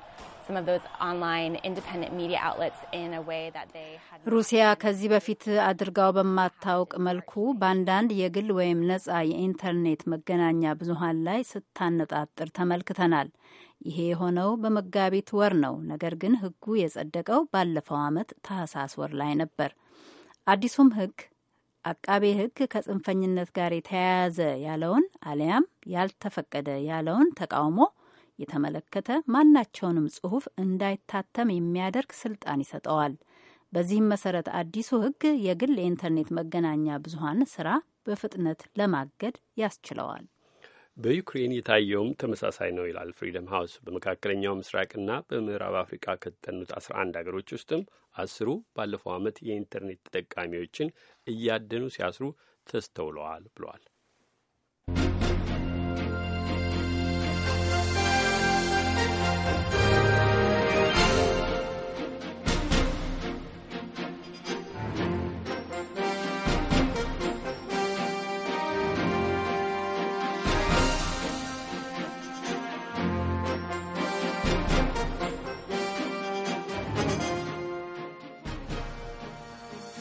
ሩሲያ ከዚህ በፊት አድርጋው በማታውቅ መልኩ በአንዳንድ የግል ወይም ነጻ የኢንተርኔት መገናኛ ብዙኃን ላይ ስታነጣጥር ተመልክተናል። ይሄ የሆነው በመጋቢት ወር ነው። ነገር ግን ህጉ የጸደቀው ባለፈው ዓመት ታህሳስ ወር ላይ ነበር። አዲሱም ህግ። አቃቤ ሕግ ከጽንፈኝነት ጋር የተያያዘ ያለውን አሊያም ያልተፈቀደ ያለውን ተቃውሞ የተመለከተ ማናቸውንም ጽሁፍ እንዳይታተም የሚያደርግ ስልጣን ይሰጠዋል። በዚህም መሰረት አዲሱ ሕግ የግል የኢንተርኔት መገናኛ ብዙሀን ስራ በፍጥነት ለማገድ ያስችለዋል። በዩክሬን የታየውም ተመሳሳይ ነው ይላል ፍሪደም ሀውስ። በመካከለኛው ምስራቅና በምዕራብ አፍሪካ ከተጠኑት አስራ አንድ አገሮች ውስጥም አስሩ ባለፈው ዓመት የኢንተርኔት ተጠቃሚዎችን እያደኑ ሲያስሩ ተስተውለዋል ብለዋል።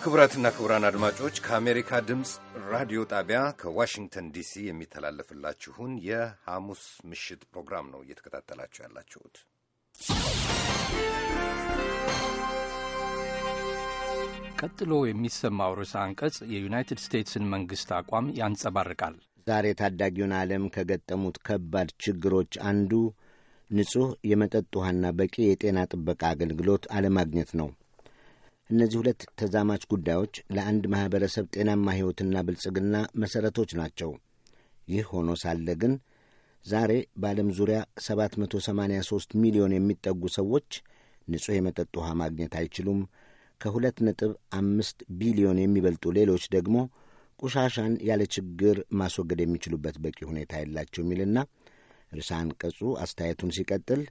ክቡራትና ክቡራን አድማጮች ከአሜሪካ ድምፅ ራዲዮ ጣቢያ ከዋሽንግተን ዲሲ የሚተላለፍላችሁን የሐሙስ ምሽት ፕሮግራም ነው እየተከታተላችሁ ያላችሁት። ቀጥሎ የሚሰማው ርዕሰ አንቀጽ የዩናይትድ ስቴትስን መንግሥት አቋም ያንጸባርቃል። ዛሬ ታዳጊውን ዓለም ከገጠሙት ከባድ ችግሮች አንዱ ንጹሕ የመጠጥ ውሃና በቂ የጤና ጥበቃ አገልግሎት አለማግኘት ነው። እነዚህ ሁለት ተዛማች ጉዳዮች ለአንድ ማኅበረሰብ ጤናማ ሕይወትና ብልጽግና መሠረቶች ናቸው። ይህ ሆኖ ሳለ ግን ዛሬ በዓለም ዙሪያ 783 ሚሊዮን የሚጠጉ ሰዎች ንጹሕ የመጠጥ ውሃ ማግኘት አይችሉም። ከሁለት ነጥብ ቢሊዮን የሚበልጡ ሌሎች ደግሞ ቆሻሻን ያለ ችግር ማስወገድ የሚችሉበት በቂ ሁኔታ የላቸው የሚልና ርዕሰ አንቀጹ አስተያየቱን ሲቀጥል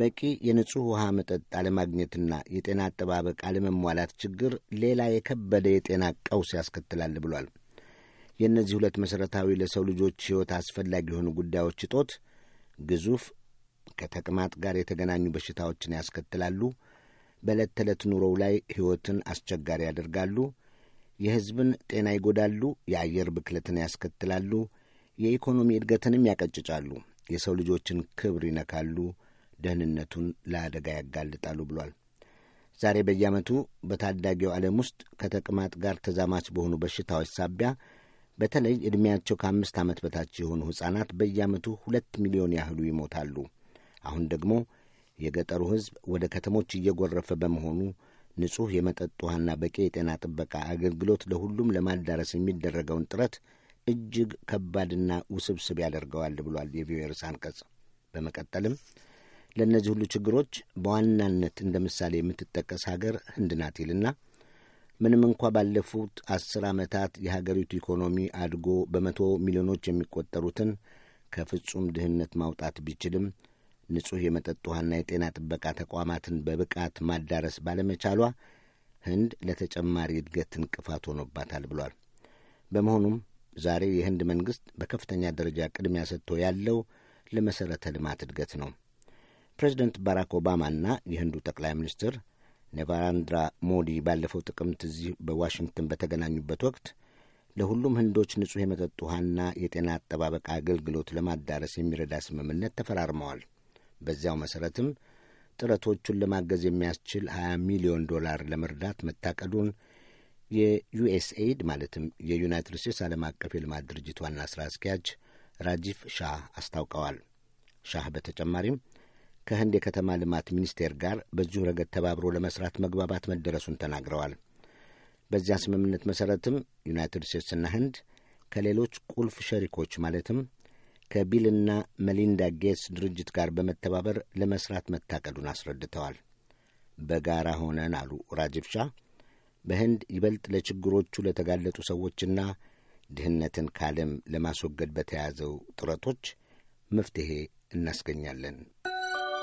በቂ የንጹሕ ውሃ መጠጥ አለማግኘትና የጤና አጠባበቅ አለመሟላት ችግር ሌላ የከበደ የጤና ቀውስ ያስከትላል ብሏል። የእነዚህ ሁለት መሠረታዊ ለሰው ልጆች ሕይወት አስፈላጊ የሆኑ ጉዳዮች እጦት ግዙፍ ከተቅማጥ ጋር የተገናኙ በሽታዎችን ያስከትላሉ፣ በዕለት ተዕለት ኑሮው ላይ ሕይወትን አስቸጋሪ ያደርጋሉ፣ የሕዝብን ጤና ይጎዳሉ፣ የአየር ብክለትን ያስከትላሉ፣ የኢኮኖሚ እድገትንም ያቀጭጫሉ፣ የሰው ልጆችን ክብር ይነካሉ፣ ደህንነቱን ለአደጋ ያጋልጣሉ ብሏል። ዛሬ በየዓመቱ በታዳጊው ዓለም ውስጥ ከተቅማጥ ጋር ተዛማች በሆኑ በሽታዎች ሳቢያ በተለይ ዕድሜያቸው ከአምስት ዓመት በታች የሆኑ ሕፃናት በየዓመቱ ሁለት ሚሊዮን ያህሉ ይሞታሉ። አሁን ደግሞ የገጠሩ ሕዝብ ወደ ከተሞች እየጎረፈ በመሆኑ ንጹሕ የመጠጥ ውሃና በቂ የጤና ጥበቃ አገልግሎት ለሁሉም ለማዳረስ የሚደረገውን ጥረት እጅግ ከባድና ውስብስብ ያደርገዋል ብሏል የቪኦኤ ርዕሰ አንቀጽ። በመቀጠልም ለእነዚህ ሁሉ ችግሮች በዋናነት እንደ ምሳሌ የምትጠቀስ ሀገር ህንድ ናት ይልና ምንም እንኳ ባለፉት አስር ዓመታት የሀገሪቱ ኢኮኖሚ አድጎ በመቶ ሚሊዮኖች የሚቆጠሩትን ከፍጹም ድህነት ማውጣት ቢችልም ንጹሕ የመጠጥ ውሃና የጤና ጥበቃ ተቋማትን በብቃት ማዳረስ ባለመቻሏ ህንድ ለተጨማሪ እድገት እንቅፋት ሆኖባታል ብሏል። በመሆኑም ዛሬ የህንድ መንግሥት በከፍተኛ ደረጃ ቅድሚያ ሰጥቶ ያለው ለመሠረተ ልማት እድገት ነው። ፕሬዚደንት ባራክ ኦባማና የህንዱ ጠቅላይ ሚኒስትር ኔቫራንድራ ሞዲ ባለፈው ጥቅምት እዚህ በዋሽንግተን በተገናኙበት ወቅት ለሁሉም ህንዶች ንጹሕ የመጠጥ ውሃና የጤና አጠባበቅ አገልግሎት ለማዳረስ የሚረዳ ስምምነት ተፈራርመዋል። በዚያው መሠረትም ጥረቶቹን ለማገዝ የሚያስችል 20 ሚሊዮን ዶላር ለመርዳት መታቀዱን የዩኤስኤድ ማለትም የዩናይትድ ስቴትስ ዓለም አቀፍ የልማት ድርጅት ዋና ሥራ አስኪያጅ ራጂፍ ሻህ አስታውቀዋል። ሻህ በተጨማሪም ከህንድ የከተማ ልማት ሚኒስቴር ጋር በዚሁ ረገድ ተባብሮ ለመስራት መግባባት መደረሱን ተናግረዋል። በዚያ ስምምነት መሰረትም ዩናይትድ ስቴትስና ህንድ ከሌሎች ቁልፍ ሸሪኮች ማለትም ከቢልና መሊንዳ ጌትስ ድርጅት ጋር በመተባበር ለመስራት መታቀዱን አስረድተዋል። በጋራ ሆነን አሉ ራጅብ ሻ በህንድ ይበልጥ ለችግሮቹ ለተጋለጡ ሰዎችና ድህነትን ካለም ለማስወገድ በተያዘው ጥረቶች መፍትሄ እናስገኛለን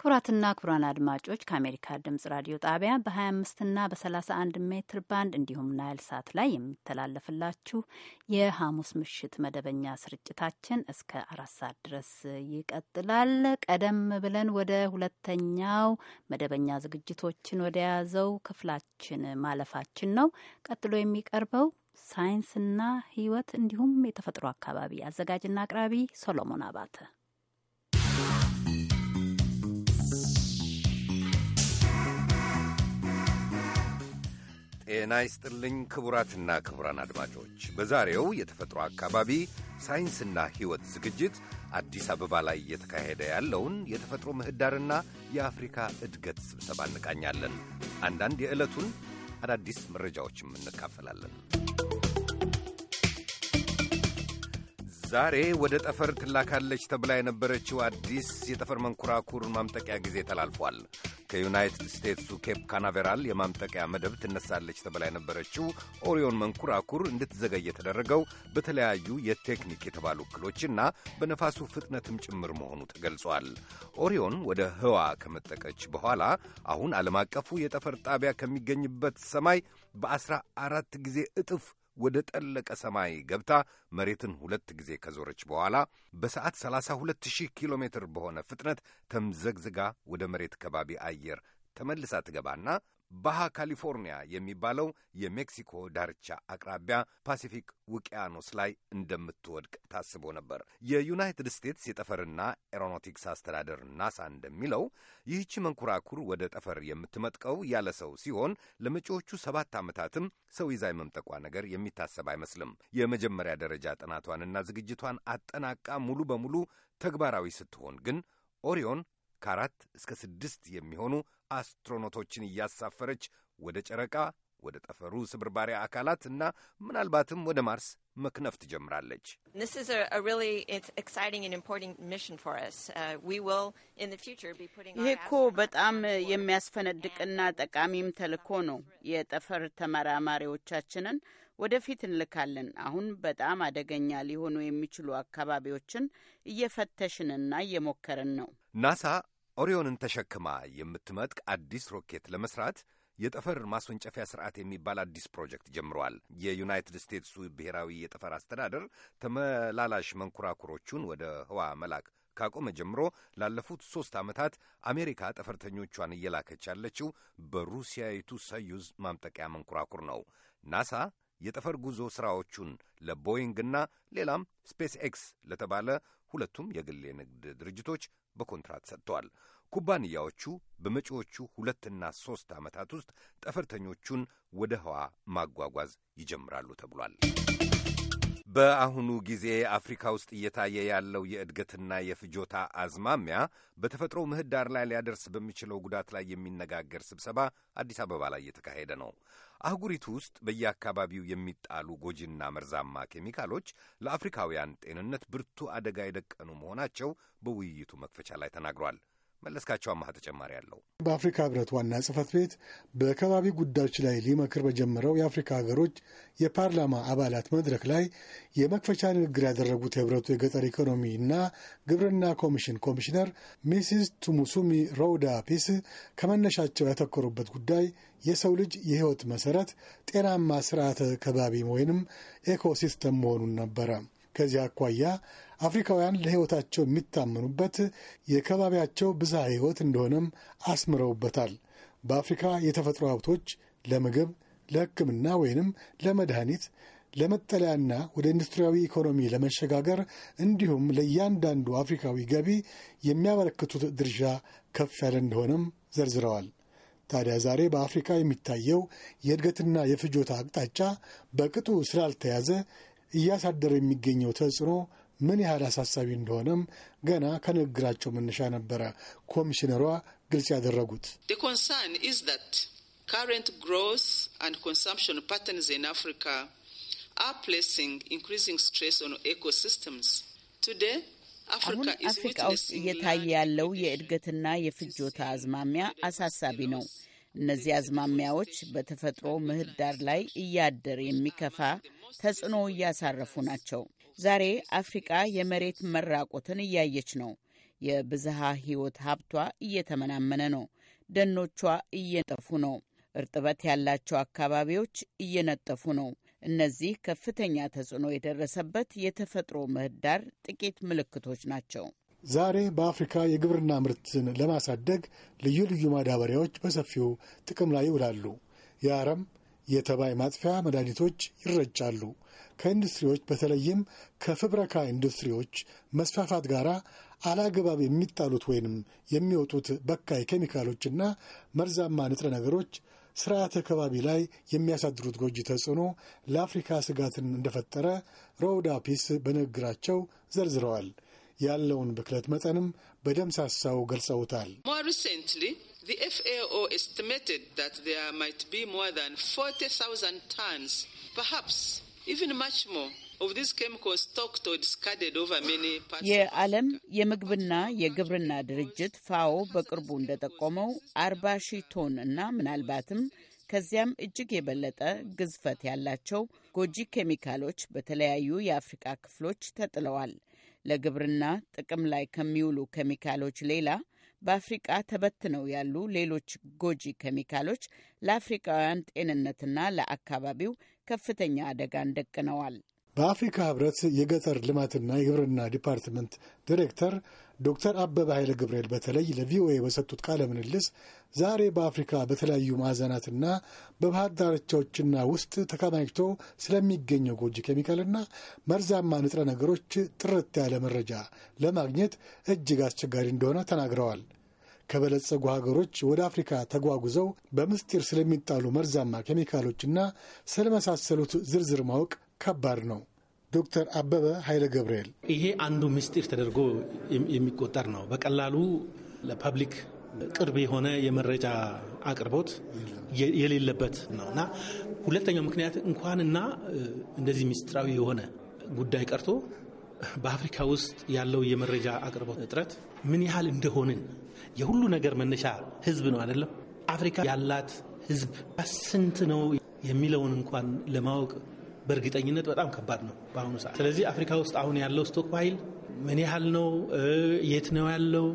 ክቡራትና ክቡራን አድማጮች ከአሜሪካ ድምጽ ራዲዮ ጣቢያ በ25ና በ31 ሜትር ባንድ እንዲሁም ናይል ሳት ላይ የሚተላለፍላችሁ የሐሙስ ምሽት መደበኛ ስርጭታችን እስከ አራት ሰዓት ድረስ ይቀጥላል። ቀደም ብለን ወደ ሁለተኛው መደበኛ ዝግጅቶችን ወደ ያዘው ክፍላችን ማለፋችን ነው። ቀጥሎ የሚቀርበው ሳይንስና ሕይወት እንዲሁም የተፈጥሮ አካባቢ አዘጋጅና አቅራቢ ሶሎሞን አባተ ጤና ይስጥልኝ ክቡራትና ክቡራን አድማጮች በዛሬው የተፈጥሮ አካባቢ ሳይንስና ሕይወት ዝግጅት አዲስ አበባ ላይ እየተካሄደ ያለውን የተፈጥሮ ምህዳርና የአፍሪካ እድገት ስብሰባ እንቃኛለን። አንዳንድ የዕለቱን አዳዲስ መረጃዎችም እንካፈላለን። ዛሬ ወደ ጠፈር ትላካለች ተብላ የነበረችው አዲስ የጠፈር መንኮራኩር ማምጠቂያ ጊዜ ተላልፏል። ከዩናይትድ ስቴትሱ ኬፕ ካናቬራል የማምጠቂያ መደብ ትነሳለች ተብላ የነበረችው ኦሪዮን መንኮራኩር እንድትዘገይ የተደረገው በተለያዩ የቴክኒክ የተባሉ እክሎችና በነፋሱ ፍጥነትም ጭምር መሆኑ ተገልጿል። ኦሪዮን ወደ ህዋ ከመጠቀች በኋላ አሁን ዓለም አቀፉ የጠፈር ጣቢያ ከሚገኝበት ሰማይ በአስራ አራት ጊዜ እጥፍ ወደ ጠለቀ ሰማይ ገብታ መሬትን ሁለት ጊዜ ከዞረች በኋላ በሰዓት 32000 ኪሎ ሜትር በሆነ ፍጥነት ተምዘግዝጋ ወደ መሬት ከባቢ አየር ተመልሳ ትገባና ባሃ ካሊፎርኒያ የሚባለው የሜክሲኮ ዳርቻ አቅራቢያ ፓሲፊክ ውቅያኖስ ላይ እንደምትወድቅ ታስቦ ነበር። የዩናይትድ ስቴትስ የጠፈርና ኤሮኖቲክስ አስተዳደር ናሳ እንደሚለው ይህቺ መንኮራኩር ወደ ጠፈር የምትመጥቀው ያለ ሰው ሲሆን ለመጪዎቹ ሰባት ዓመታትም ሰው ይዛ የመምጠቋ ነገር የሚታሰብ አይመስልም። የመጀመሪያ ደረጃ ጥናቷንና ዝግጅቷን አጠናቃ ሙሉ በሙሉ ተግባራዊ ስትሆን ግን ኦሪዮን ከአራት እስከ ስድስት የሚሆኑ አስትሮኖቶችን እያሳፈረች ወደ ጨረቃ፣ ወደ ጠፈሩ ስብርባሪ አካላት እና ምናልባትም ወደ ማርስ መክነፍ ትጀምራለች። uh, ይህ እኮ በጣም የሚያስፈነድቅና ጠቃሚም ተልእኮ ነው። የጠፈር ተመራማሪዎቻችንን ወደፊት እንልካለን። አሁን በጣም አደገኛ ሊሆኑ የሚችሉ አካባቢዎችን እየፈተሽንና እየሞከርን ነው። ናሳ ኦሪዮንን ተሸክማ የምትመጥቅ አዲስ ሮኬት ለመስራት የጠፈር ማስወንጨፊያ ስርዓት የሚባል አዲስ ፕሮጀክት ጀምሯል። የዩናይትድ ስቴትሱ ብሔራዊ የጠፈር አስተዳደር ተመላላሽ መንኮራኩሮቹን ወደ ህዋ መላክ ካቆመ ጀምሮ ላለፉት ሦስት ዓመታት አሜሪካ ጠፈርተኞቿን እየላከች ያለችው በሩሲያዊቱ ሰዩዝ ማምጠቂያ መንኮራኩር ነው። ናሳ የጠፈር ጉዞ ሥራዎቹን ለቦይንግና ሌላም ስፔስ ኤክስ ለተባለ ሁለቱም የግል የንግድ ድርጅቶች በኮንትራት ሰጥቷል። ኩባንያዎቹ በመጪዎቹ ሁለትና ሦስት ዓመታት ውስጥ ጠፈርተኞቹን ወደ ህዋ ማጓጓዝ ይጀምራሉ ተብሏል። በአሁኑ ጊዜ አፍሪካ ውስጥ እየታየ ያለው የእድገትና የፍጆታ አዝማሚያ በተፈጥሮ ምህዳር ላይ ሊያደርስ በሚችለው ጉዳት ላይ የሚነጋገር ስብሰባ አዲስ አበባ ላይ እየተካሄደ ነው። አህጉሪቱ ውስጥ በየአካባቢው የሚጣሉ ጎጂና መርዛማ ኬሚካሎች ለአፍሪካውያን ጤንነት ብርቱ አደጋ የደቀኑ መሆናቸው በውይይቱ መክፈቻ ላይ ተናግሯል። መለስካቸው አማሃ ተጨማሪ አለው። በአፍሪካ ህብረት ዋና ጽህፈት ቤት በከባቢ ጉዳዮች ላይ ሊመክር በጀመረው የአፍሪካ ሀገሮች የፓርላማ አባላት መድረክ ላይ የመክፈቻ ንግግር ያደረጉት የህብረቱ የገጠር ኢኮኖሚ እና ግብርና ኮሚሽን ኮሚሽነር ሚሲስ ቱሙሱሚ ሮውዳ ፒስ ከመነሻቸው ያተኮሩበት ጉዳይ የሰው ልጅ የህይወት መሰረት ጤናማ ስርዓተ ከባቢ ወይንም ኤኮሲስተም መሆኑን ነበረ። ከዚህ አኳያ አፍሪካውያን ለሕይወታቸው የሚታመኑበት የከባቢያቸው ብዝሃ ሕይወት እንደሆነም አስምረውበታል። በአፍሪካ የተፈጥሮ ሀብቶች ለምግብ፣ ለሕክምና ወይንም ለመድኃኒት፣ ለመጠለያና ወደ ኢንዱስትሪያዊ ኢኮኖሚ ለመሸጋገር እንዲሁም ለእያንዳንዱ አፍሪካዊ ገቢ የሚያበረክቱት ድርሻ ከፍ ያለ እንደሆነም ዘርዝረዋል። ታዲያ ዛሬ በአፍሪካ የሚታየው የእድገትና የፍጆታ አቅጣጫ በቅጡ ስላልተያዘ እያሳደረ የሚገኘው ተጽዕኖ ምን ያህል አሳሳቢ እንደሆነም ገና ከንግግራቸው መነሻ ነበረ ኮሚሽነሯ ግልጽ ያደረጉት። ኮንሰርን ኢዝ ዛት ካረንት ግሮዝ አንድ ኮንሰምፕሽን ፓተርንስ ኢን አፍሪካ አር ፕሌሲንግ ኢንክሪዚንግ ስትሬስ ኦን ኢኮሲስተምስ ቱዴይ አሁን አፍሪቃ ውስጥ እየታየ ያለው የእድገትና የፍጆታ አዝማሚያ አሳሳቢ ነው። እነዚህ አዝማሚያዎች በተፈጥሮ ምህዳር ላይ እያደር የሚከፋ ተጽዕኖ እያሳረፉ ናቸው። ዛሬ አፍሪቃ የመሬት መራቆትን እያየች ነው። የብዝሃ ሕይወት ሀብቷ እየተመናመነ ነው። ደኖቿ እየነጠፉ ነው። እርጥበት ያላቸው አካባቢዎች እየነጠፉ ነው። እነዚህ ከፍተኛ ተጽዕኖ የደረሰበት የተፈጥሮ ምህዳር ጥቂት ምልክቶች ናቸው። ዛሬ በአፍሪካ የግብርና ምርትን ለማሳደግ ልዩ ልዩ ማዳበሪያዎች በሰፊው ጥቅም ላይ ይውላሉ። የአረም የተባይ ማጥፊያ መድኃኒቶች ይረጫሉ። ከኢንዱስትሪዎች በተለይም ከፍብረካ ኢንዱስትሪዎች መስፋፋት ጋር አላግባብ የሚጣሉት ወይንም የሚወጡት በካይ ኬሚካሎችና መርዛማ ንጥረ ነገሮች ስርዓተ ከባቢ ላይ የሚያሳድሩት ጎጂ ተጽዕኖ ለአፍሪካ ስጋትን እንደፈጠረ ሮውዳፒስ ፒስ በንግግራቸው ዘርዝረዋል። ያለውን ብክለት መጠንም በደምሳሳው ገልጸውታል። The FAO estimated that there might be more than 40,000 tons, perhaps even much more. የዓለም የምግብና የግብርና ድርጅት ፋኦ በቅርቡ እንደጠቆመው አርባ ሺህ ቶን እና ምናልባትም ከዚያም እጅግ የበለጠ ግዝፈት ያላቸው ጎጂ ኬሚካሎች በተለያዩ የአፍሪካ ክፍሎች ተጥለዋል። ለግብርና ጥቅም ላይ ከሚውሉ ኬሚካሎች ሌላ በአፍሪቃ ተበትነው ያሉ ሌሎች ጎጂ ኬሚካሎች ለአፍሪካውያን ጤንነትና ለአካባቢው ከፍተኛ አደጋን ደቅነዋል። በአፍሪካ ህብረት የገጠር ልማትና የግብርና ዲፓርትመንት ዲሬክተር ዶክተር አበበ ኃይለ ገብርኤል በተለይ ለቪኦኤ በሰጡት ቃለ ምልልስ ዛሬ በአፍሪካ በተለያዩ ማዕዘናትና በባህር ዳርቻዎችና ውስጥ ተከማችቶ ስለሚገኘው ጎጂ ኬሚካልና መርዛማ ንጥረ ነገሮች ጥርት ያለ መረጃ ለማግኘት እጅግ አስቸጋሪ እንደሆነ ተናግረዋል። ከበለጸጉ ሀገሮች ወደ አፍሪካ ተጓጉዘው በምስጢር ስለሚጣሉ መርዛማ ኬሚካሎችና ስለመሳሰሉት ዝርዝር ማወቅ ከባድ ነው። ዶክተር አበበ ኃይለ ገብርኤል ይሄ አንዱ ምስጢር ተደርጎ የሚቆጠር ነው። በቀላሉ ለፐብሊክ ቅርብ የሆነ የመረጃ አቅርቦት የሌለበት ነው እና ሁለተኛው ምክንያት እንኳንና እንደዚህ ምስጢራዊ የሆነ ጉዳይ ቀርቶ በአፍሪካ ውስጥ ያለው የመረጃ አቅርቦት እጥረት ምን ያህል እንደሆንን የሁሉ ነገር መነሻ ህዝብ ነው አይደለም? አፍሪካ ያላት ህዝብ ስንት ነው የሚለውን እንኳን ለማወቅ በእርግጠኝነት በጣም ከባድ ነው በአሁኑ ሰዓት። ስለዚህ አፍሪካ ውስጥ አሁን ያለው ስቶክ ፓይል ምን ያህል ነው፣ የት ነው ያለው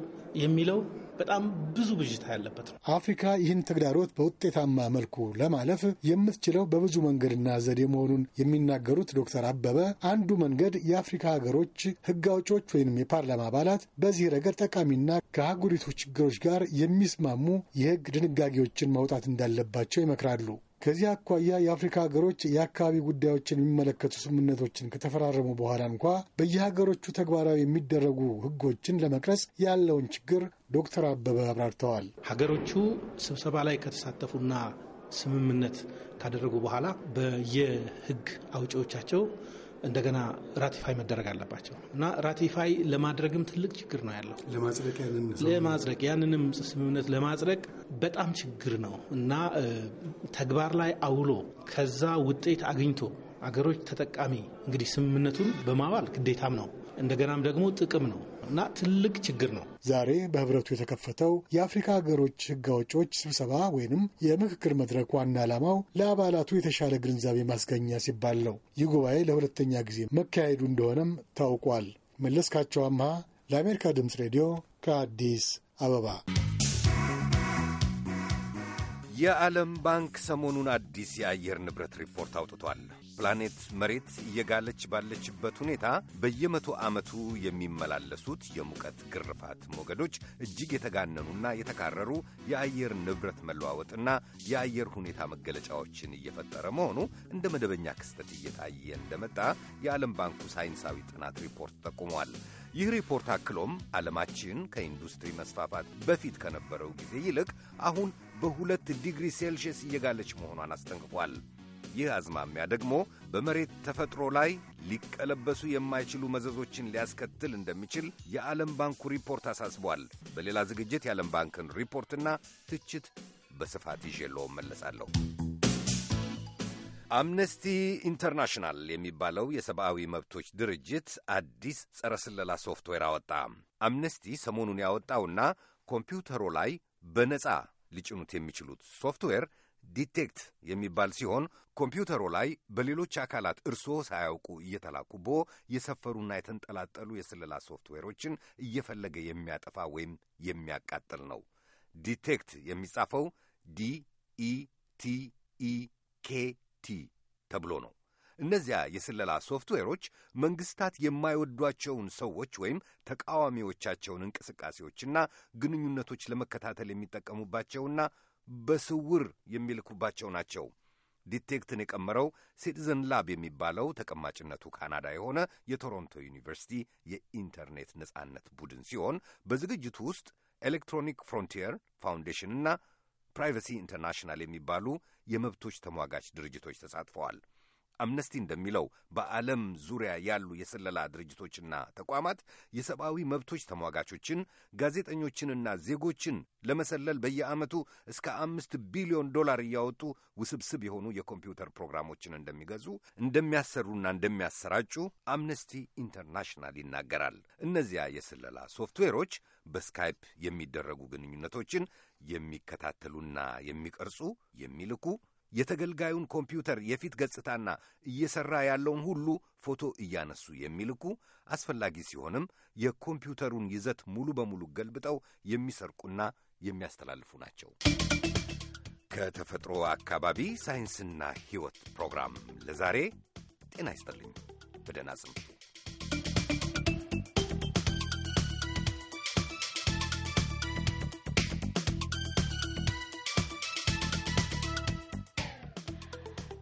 የሚለው በጣም ብዙ ብዥታ ያለበት ነው። አፍሪካ ይህን ተግዳሮት በውጤታማ መልኩ ለማለፍ የምትችለው በብዙ መንገድና ዘዴ መሆኑን የሚናገሩት ዶክተር አበበ አንዱ መንገድ የአፍሪካ ሀገሮች ህግ አውጪዎች ወይም የፓርላማ አባላት በዚህ ረገድ ጠቃሚና ከአህጉሪቱ ችግሮች ጋር የሚስማሙ የህግ ድንጋጌዎችን ማውጣት እንዳለባቸው ይመክራሉ። ከዚህ አኳያ የአፍሪካ ሀገሮች የአካባቢ ጉዳዮችን የሚመለከቱ ስምምነቶችን ከተፈራረሙ በኋላ እንኳ በየሀገሮቹ ተግባራዊ የሚደረጉ ሕጎችን ለመቅረጽ ያለውን ችግር ዶክተር አበበ አብራርተዋል። ሀገሮቹ ስብሰባ ላይ ከተሳተፉና ስምምነት ካደረጉ በኋላ በየሕግ አውጪዎቻቸው እንደገና ራቲፋይ መደረግ አለባቸው እና ራቲፋይ ለማድረግም ትልቅ ችግር ነው ያለው ለማጽደቅ ያንንም ስምምነት ለማጽደቅ በጣም ችግር ነው እና ተግባር ላይ አውሎ ከዛ ውጤት አግኝቶ አገሮች ተጠቃሚ እንግዲህ ስምምነቱን በማዋል ግዴታም ነው እንደገናም ደግሞ ጥቅም ነው እና ትልቅ ችግር ነው። ዛሬ በህብረቱ የተከፈተው የአፍሪካ ሀገሮች ህግ አውጪዎች ስብሰባ ወይንም የምክክር መድረክ ዋና ዓላማው ለአባላቱ የተሻለ ግንዛቤ ማስገኛ ሲባል ነው። ይህ ጉባኤ ለሁለተኛ ጊዜ መካሄዱ እንደሆነም ታውቋል። መለስካቸው አምሃ ለአሜሪካ ድምፅ ሬዲዮ ከአዲስ አበባ የዓለም ባንክ ሰሞኑን አዲስ የአየር ንብረት ሪፖርት አውጥቷል። ፕላኔት መሬት እየጋለች ባለችበት ሁኔታ በየመቶ ዓመቱ የሚመላለሱት የሙቀት ግርፋት ሞገዶች እጅግ የተጋነኑና የተካረሩ የአየር ንብረት መለዋወጥና የአየር ሁኔታ መገለጫዎችን እየፈጠረ መሆኑ እንደ መደበኛ ክስተት እየታየ እንደመጣ የዓለም ባንኩ ሳይንሳዊ ጥናት ሪፖርት ጠቁሟል። ይህ ሪፖርት አክሎም ዓለማችን ከኢንዱስትሪ መስፋፋት በፊት ከነበረው ጊዜ ይልቅ አሁን በሁለት ዲግሪ ሴልሺየስ እየጋለች መሆኗን አስጠንቅቋል። ይህ አዝማሚያ ደግሞ በመሬት ተፈጥሮ ላይ ሊቀለበሱ የማይችሉ መዘዞችን ሊያስከትል እንደሚችል የዓለም ባንኩ ሪፖርት አሳስቧል። በሌላ ዝግጅት የዓለም ባንክን ሪፖርትና ትችት በስፋት ይዤለው መለሳለሁ። አምነስቲ ኢንተርናሽናል የሚባለው የሰብአዊ መብቶች ድርጅት አዲስ ጸረ ስለላ ሶፍትዌር አወጣ። አምነስቲ ሰሞኑን ያወጣውና ኮምፒውተሩ ላይ በነጻ ሊጭኑት የሚችሉት ሶፍትዌር ዲቴክት የሚባል ሲሆን ኮምፒውተሩ ላይ በሌሎች አካላት እርስዎ ሳያውቁ ቦ የሰፈሩና የተንጠላጠሉ የስለላ ሶፍትዌሮችን እየፈለገ የሚያጠፋ ወይም የሚያቃጥል ነው። ዲቴክት የሚጻፈው ዲ ኢ ቲ ኢ ኬ ቲ ተብሎ ነው። እነዚያ የስለላ ሶፍትዌሮች መንግስታት የማይወዷቸውን ሰዎች ወይም ተቃዋሚዎቻቸውን እንቅስቃሴዎችና ግንኙነቶች ለመከታተል የሚጠቀሙባቸውና በስውር የሚልኩባቸው ናቸው። ዲቴክትን የቀመረው ሲቲዘን ላብ የሚባለው ተቀማጭነቱ ካናዳ የሆነ የቶሮንቶ ዩኒቨርሲቲ የኢንተርኔት ነጻነት ቡድን ሲሆን በዝግጅቱ ውስጥ ኤሌክትሮኒክ ፍሮንቲየር ፋውንዴሽንና ፕራይቨሲ ኢንተርናሽናል የሚባሉ የመብቶች ተሟጋች ድርጅቶች ተሳትፈዋል። አምነስቲ እንደሚለው በዓለም ዙሪያ ያሉ የስለላ ድርጅቶችና ተቋማት የሰብአዊ መብቶች ተሟጋቾችን፣ ጋዜጠኞችንና ዜጎችን ለመሰለል በየዓመቱ እስከ አምስት ቢሊዮን ዶላር እያወጡ ውስብስብ የሆኑ የኮምፒውተር ፕሮግራሞችን እንደሚገዙ፣ እንደሚያሰሩና እንደሚያሰራጩ አምነስቲ ኢንተርናሽናል ይናገራል። እነዚያ የስለላ ሶፍትዌሮች በስካይፕ የሚደረጉ ግንኙነቶችን የሚከታተሉና የሚቀርጹ፣ የሚልኩ የተገልጋዩን ኮምፒውተር የፊት ገጽታና እየሰራ ያለውን ሁሉ ፎቶ እያነሱ የሚልኩ አስፈላጊ ሲሆንም የኮምፒውተሩን ይዘት ሙሉ በሙሉ ገልብጠው የሚሰርቁና የሚያስተላልፉ ናቸው። ከተፈጥሮ አካባቢ ሳይንስና ሕይወት ፕሮግራም ለዛሬ ጤና ይስጠልኝ። በደህና ጽንፉ።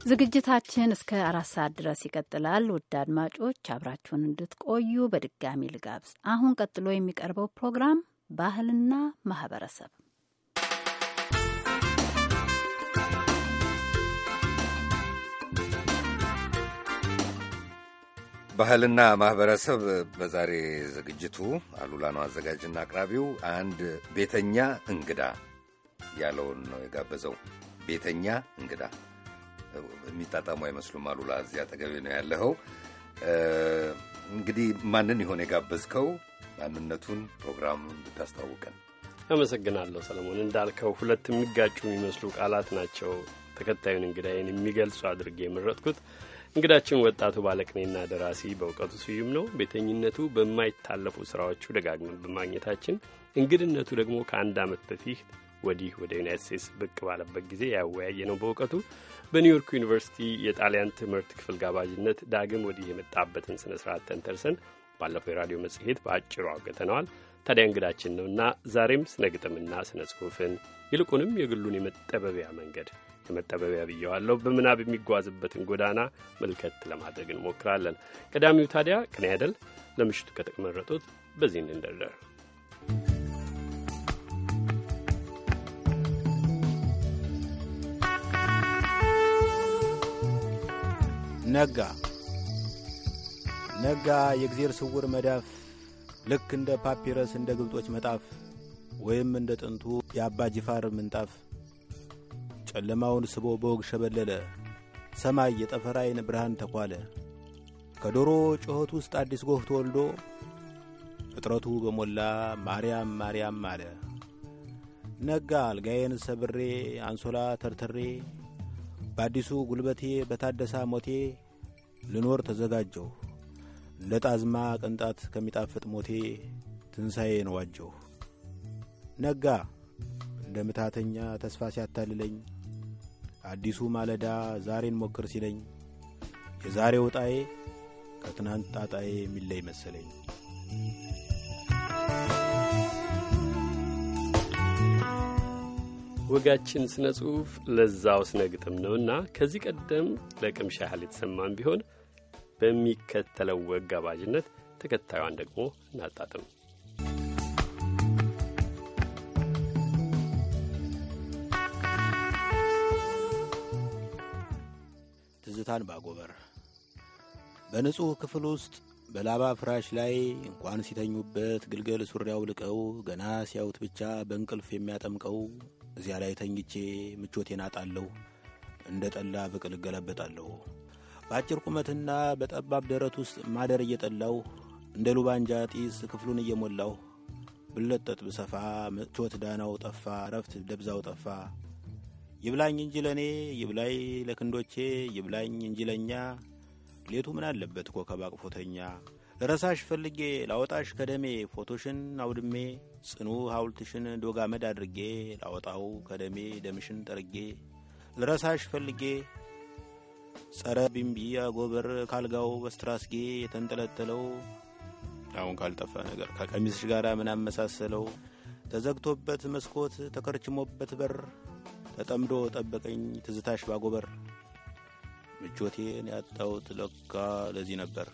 ዝግጅታችን እስከ አራት ሰዓት ድረስ ይቀጥላል። ውድ አድማጮች አብራችሁን እንድትቆዩ በድጋሚ ልጋብዝ። አሁን ቀጥሎ የሚቀርበው ፕሮግራም ባህልና ማህበረሰብ ባህልና ማህበረሰብ በዛሬ ዝግጅቱ አሉላ ነው አዘጋጅና አቅራቢው። አንድ ቤተኛ እንግዳ ያለውን ነው የጋበዘው። ቤተኛ እንግዳ የሚጣጣሙ አይመስሉም። አሉላ እዚያ አጠገቤ ነው ያለኸው። እንግዲህ ማንን ይሆን የጋበዝከው? ማንነቱን ፕሮግራም ብታስተዋውቀን። አመሰግናለሁ ሰለሞን። እንዳልከው ሁለት የሚጋጩ የሚመስሉ ቃላት ናቸው ተከታዩን እንግዳይን የሚገልጹ አድርጌ የመረጥኩት። እንግዳችን ወጣቱ ባለቅኔና ደራሲ በእውቀቱ ስዩም ነው። ቤተኝነቱ በማይታለፉ ስራዎቹ ደጋግመን በማግኘታችን እንግድነቱ ደግሞ ከአንድ ዓመት በፊት ወዲህ ወደ ዩናይት ስቴትስ ብቅ ባለበት ጊዜ ያወያየ ነው። በእውቀቱ በኒውዮርክ ዩኒቨርሲቲ የጣሊያን ትምህርት ክፍል ጋባዥነት ዳግም ወዲህ የመጣበትን ስነ ስርዓት ተንተርሰን ባለፈው የራዲዮ መጽሔት በአጭሩ አውገተነዋል። ታዲያ እንግዳችን ነውና ዛሬም ስነ ግጥምና ስነ ጽሑፍን ይልቁንም የግሉን የመጠበቢያ መንገድ የመጠበቢያ ብየዋለሁ በምናብ የሚጓዝበትን ጎዳና መልከት ለማድረግ እንሞክራለን። ቀዳሚው ታዲያ ቅኔ አይደል? ለምሽቱ ከተመረጡት በዚህ እንደርደር። ነጋ ነጋ የእግዜር ስውር መዳፍ ልክ እንደ ፓፒረስ እንደ ግብጦች መጣፍ ወይም እንደ ጥንቱ የአባ ጅፋር ምንጣፍ ጨለማውን ስቦ በወግ ሸበለለ። ሰማይ የጠፈር ዓይን ብርሃን ተኳለ። ከዶሮ ጩኸት ውስጥ አዲስ ጎህ ተወልዶ ፍጥረቱ በሞላ ማርያም ማርያም አለ። ነጋ አልጋዬን ሰብሬ አንሶላ ተርትሬ በአዲሱ ጉልበቴ በታደሳ ሞቴ ልኖር ተዘጋጀሁ። ለጣዝማ ቅንጣት ከሚጣፍጥ ሞቴ ትንሣኤ ነዋጀሁ ነጋ እንደ ምታተኛ ተስፋ ሲያታልለኝ አዲሱ ማለዳ ዛሬን ሞክር ሲለኝ የዛሬው ጣዬ ከትናንት ጣጣዬ የሚለይ መሰለኝ። ወጋችን ስነ ጽሁፍ ለዛው ስነ ግጥም ነውና ከዚህ ቀደም ለቅምሻ ያህል የተሰማም ቢሆን በሚከተለው ወግ ጋባዥነት ተከታዩን ደግሞ እናጣጥም። ትዝታን ባጎበር በንጹሕ ክፍል ውስጥ በላባ ፍራሽ ላይ እንኳን ሲተኙበት ግልገል ሱሪ አውልቀው ገና ሲያዩት ብቻ በእንቅልፍ የሚያጠምቀው እዚያ ላይ ተኝቼ ምቾቴን አጣለሁ። እንደ ጠላ ብቅል እገለበጣለሁ። በአጭር ቁመትና በጠባብ ደረት ውስጥ ማደር እየጠላሁ እንደ ሉባንጃ ጢስ ክፍሉን እየሞላሁ ብለጠጥ ብሰፋ ምቾት ዳናው ጠፋ፣ እረፍት ደብዛው ጠፋ። ይብላኝ እንጂ ለእኔ ይብላይ ለክንዶቼ ይብላኝ እንጂ ለእኛ ሌቱ ምን አለበት ኮከብ አቅፎተኛ። ልረሳሽ ፈልጌ ላወጣሽ ከደሜ ፎቶሽን አውድሜ ጽኑ ሐውልትሽን ዶጋመድ አድርጌ ላወጣው ከደሜ ደምሽን ጠርጌ ልረሳሽ ፈልጌ ጸረ ቢምቢ አጎበር ካልጋው በስትራስጌ የተንጠለጠለው አሁን ካልጠፋ ነገር ከቀሚስሽ ጋር ምን አመሳሰለው? ተዘግቶበት መስኮት ተከርችሞበት በር ተጠምዶ ጠበቀኝ ትዝታሽ ባጎበር ምቾቴን ያጣሁት ለካ ለዚህ ነበር።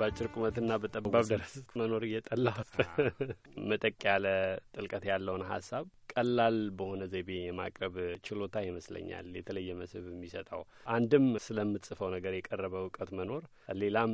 በአጭር ቁመትና በጠባብ ደረስ መኖር እየጠላ መጠቅ ያለ ጥልቀት ያለውን ሀሳብ ቀላል በሆነ ዘይቤ የማቅረብ ችሎታ ይመስለኛል የተለየ መስህብ የሚሰጠው። አንድም ስለምትጽፈው ነገር የቀረበ እውቀት መኖር፣ ሌላም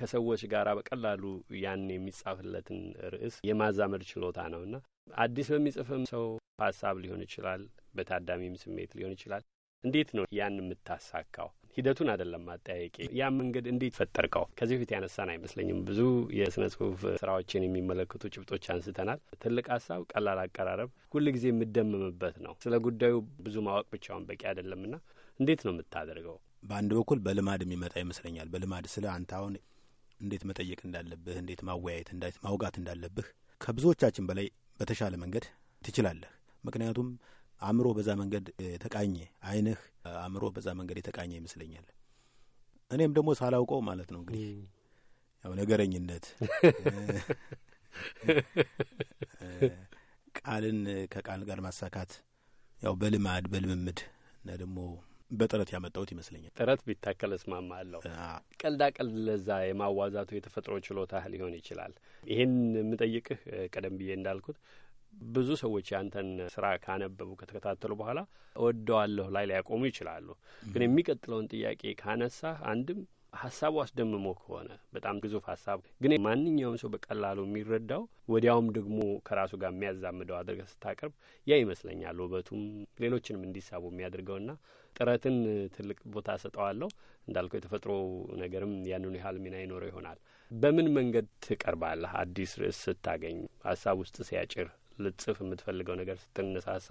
ከሰዎች ጋር በቀላሉ ያን የሚጻፍለትን ርዕስ የማዛመድ ችሎታ እና አዲስ በሚጽፍም ሰው ሀሳብ ሊሆን ይችላል፣ በታዳሚም ስሜት ሊሆን ይችላል። እንዴት ነው ያን የምታሳካው? ሂደቱን አይደለም ማጠያየቂ። ያ መንገድ እንዴት ፈጠርከው? ከዚህ በፊት ያነሳን አይመስለኝም። ብዙ የስነ ጽሁፍ ስራዎችን የሚመለከቱ ጭብጦች አንስተናል። ትልቅ ሀሳብ፣ ቀላል አቀራረብ፣ ጊዜ የምደምምበት ነው። ስለ ጉዳዩ ብዙ ማወቅ ብቻውን በቂ አይደለምና እንዴት ነው የምታደርገው? በአንድ በኩል በልማድ የሚመጣ ይመስለኛል። በልማድ ስለ አንተ አሁን እንዴት መጠየቅ እንዳለብህ፣ እንዴት ማወያየት፣ እንዴት ማውጋት እንዳለብህ ከብዙዎቻችን በላይ በተሻለ መንገድ ትችላለህ። ምክንያቱም አእምሮ በዛ መንገድ የተቃኘ አይንህ አእምሮ በዛ መንገድ የተቃኘ ይመስለኛል። እኔም ደግሞ ሳላውቀው ማለት ነው እንግዲህ ያው ነገረኝነት ቃልን ከቃል ጋር ማሳካት ያው በልማድ በልምምድ እና ደግሞ በጥረት ያመጣሁት ይመስለኛል። ጥረት ቢታከል እስማማ ቀልዳ ቀልድ ለዛ የማዋዛቱ የተፈጥሮ ችሎታህ ሊሆን ይችላል። ይህን የምጠይቅህ ቀደም ብዬ እንዳልኩት ብዙ ሰዎች ያንተን ስራ ካነበቡ ከተከታተሉ በኋላ እወደዋለሁ ላይ ሊያቆሙ ይችላሉ። ግን የሚቀጥለውን ጥያቄ ካነሳህ አንድም ሀሳቡ አስደምሞ ከሆነ በጣም ግዙፍ ሀሳብ ግን ማንኛውም ሰው በቀላሉ የሚረዳው ወዲያውም ደግሞ ከራሱ ጋር የሚያዛምደው አድርገህ ስታቀርብ ያ ይመስለኛል ውበቱም ሌሎችንም እንዲሳቡ የሚያደርገውና ጥረትን ትልቅ ቦታ ሰጠዋለሁ። እንዳልከው የተፈጥሮ ነገርም ያንን ያህል ሚና ይኖረው ይሆናል። በምን መንገድ ትቀርባለህ? አዲስ ርዕስ ስታገኝ ሀሳብ ውስጥ ሲያጭር ልጽፍ የምትፈልገው ነገር ስትነሳሳ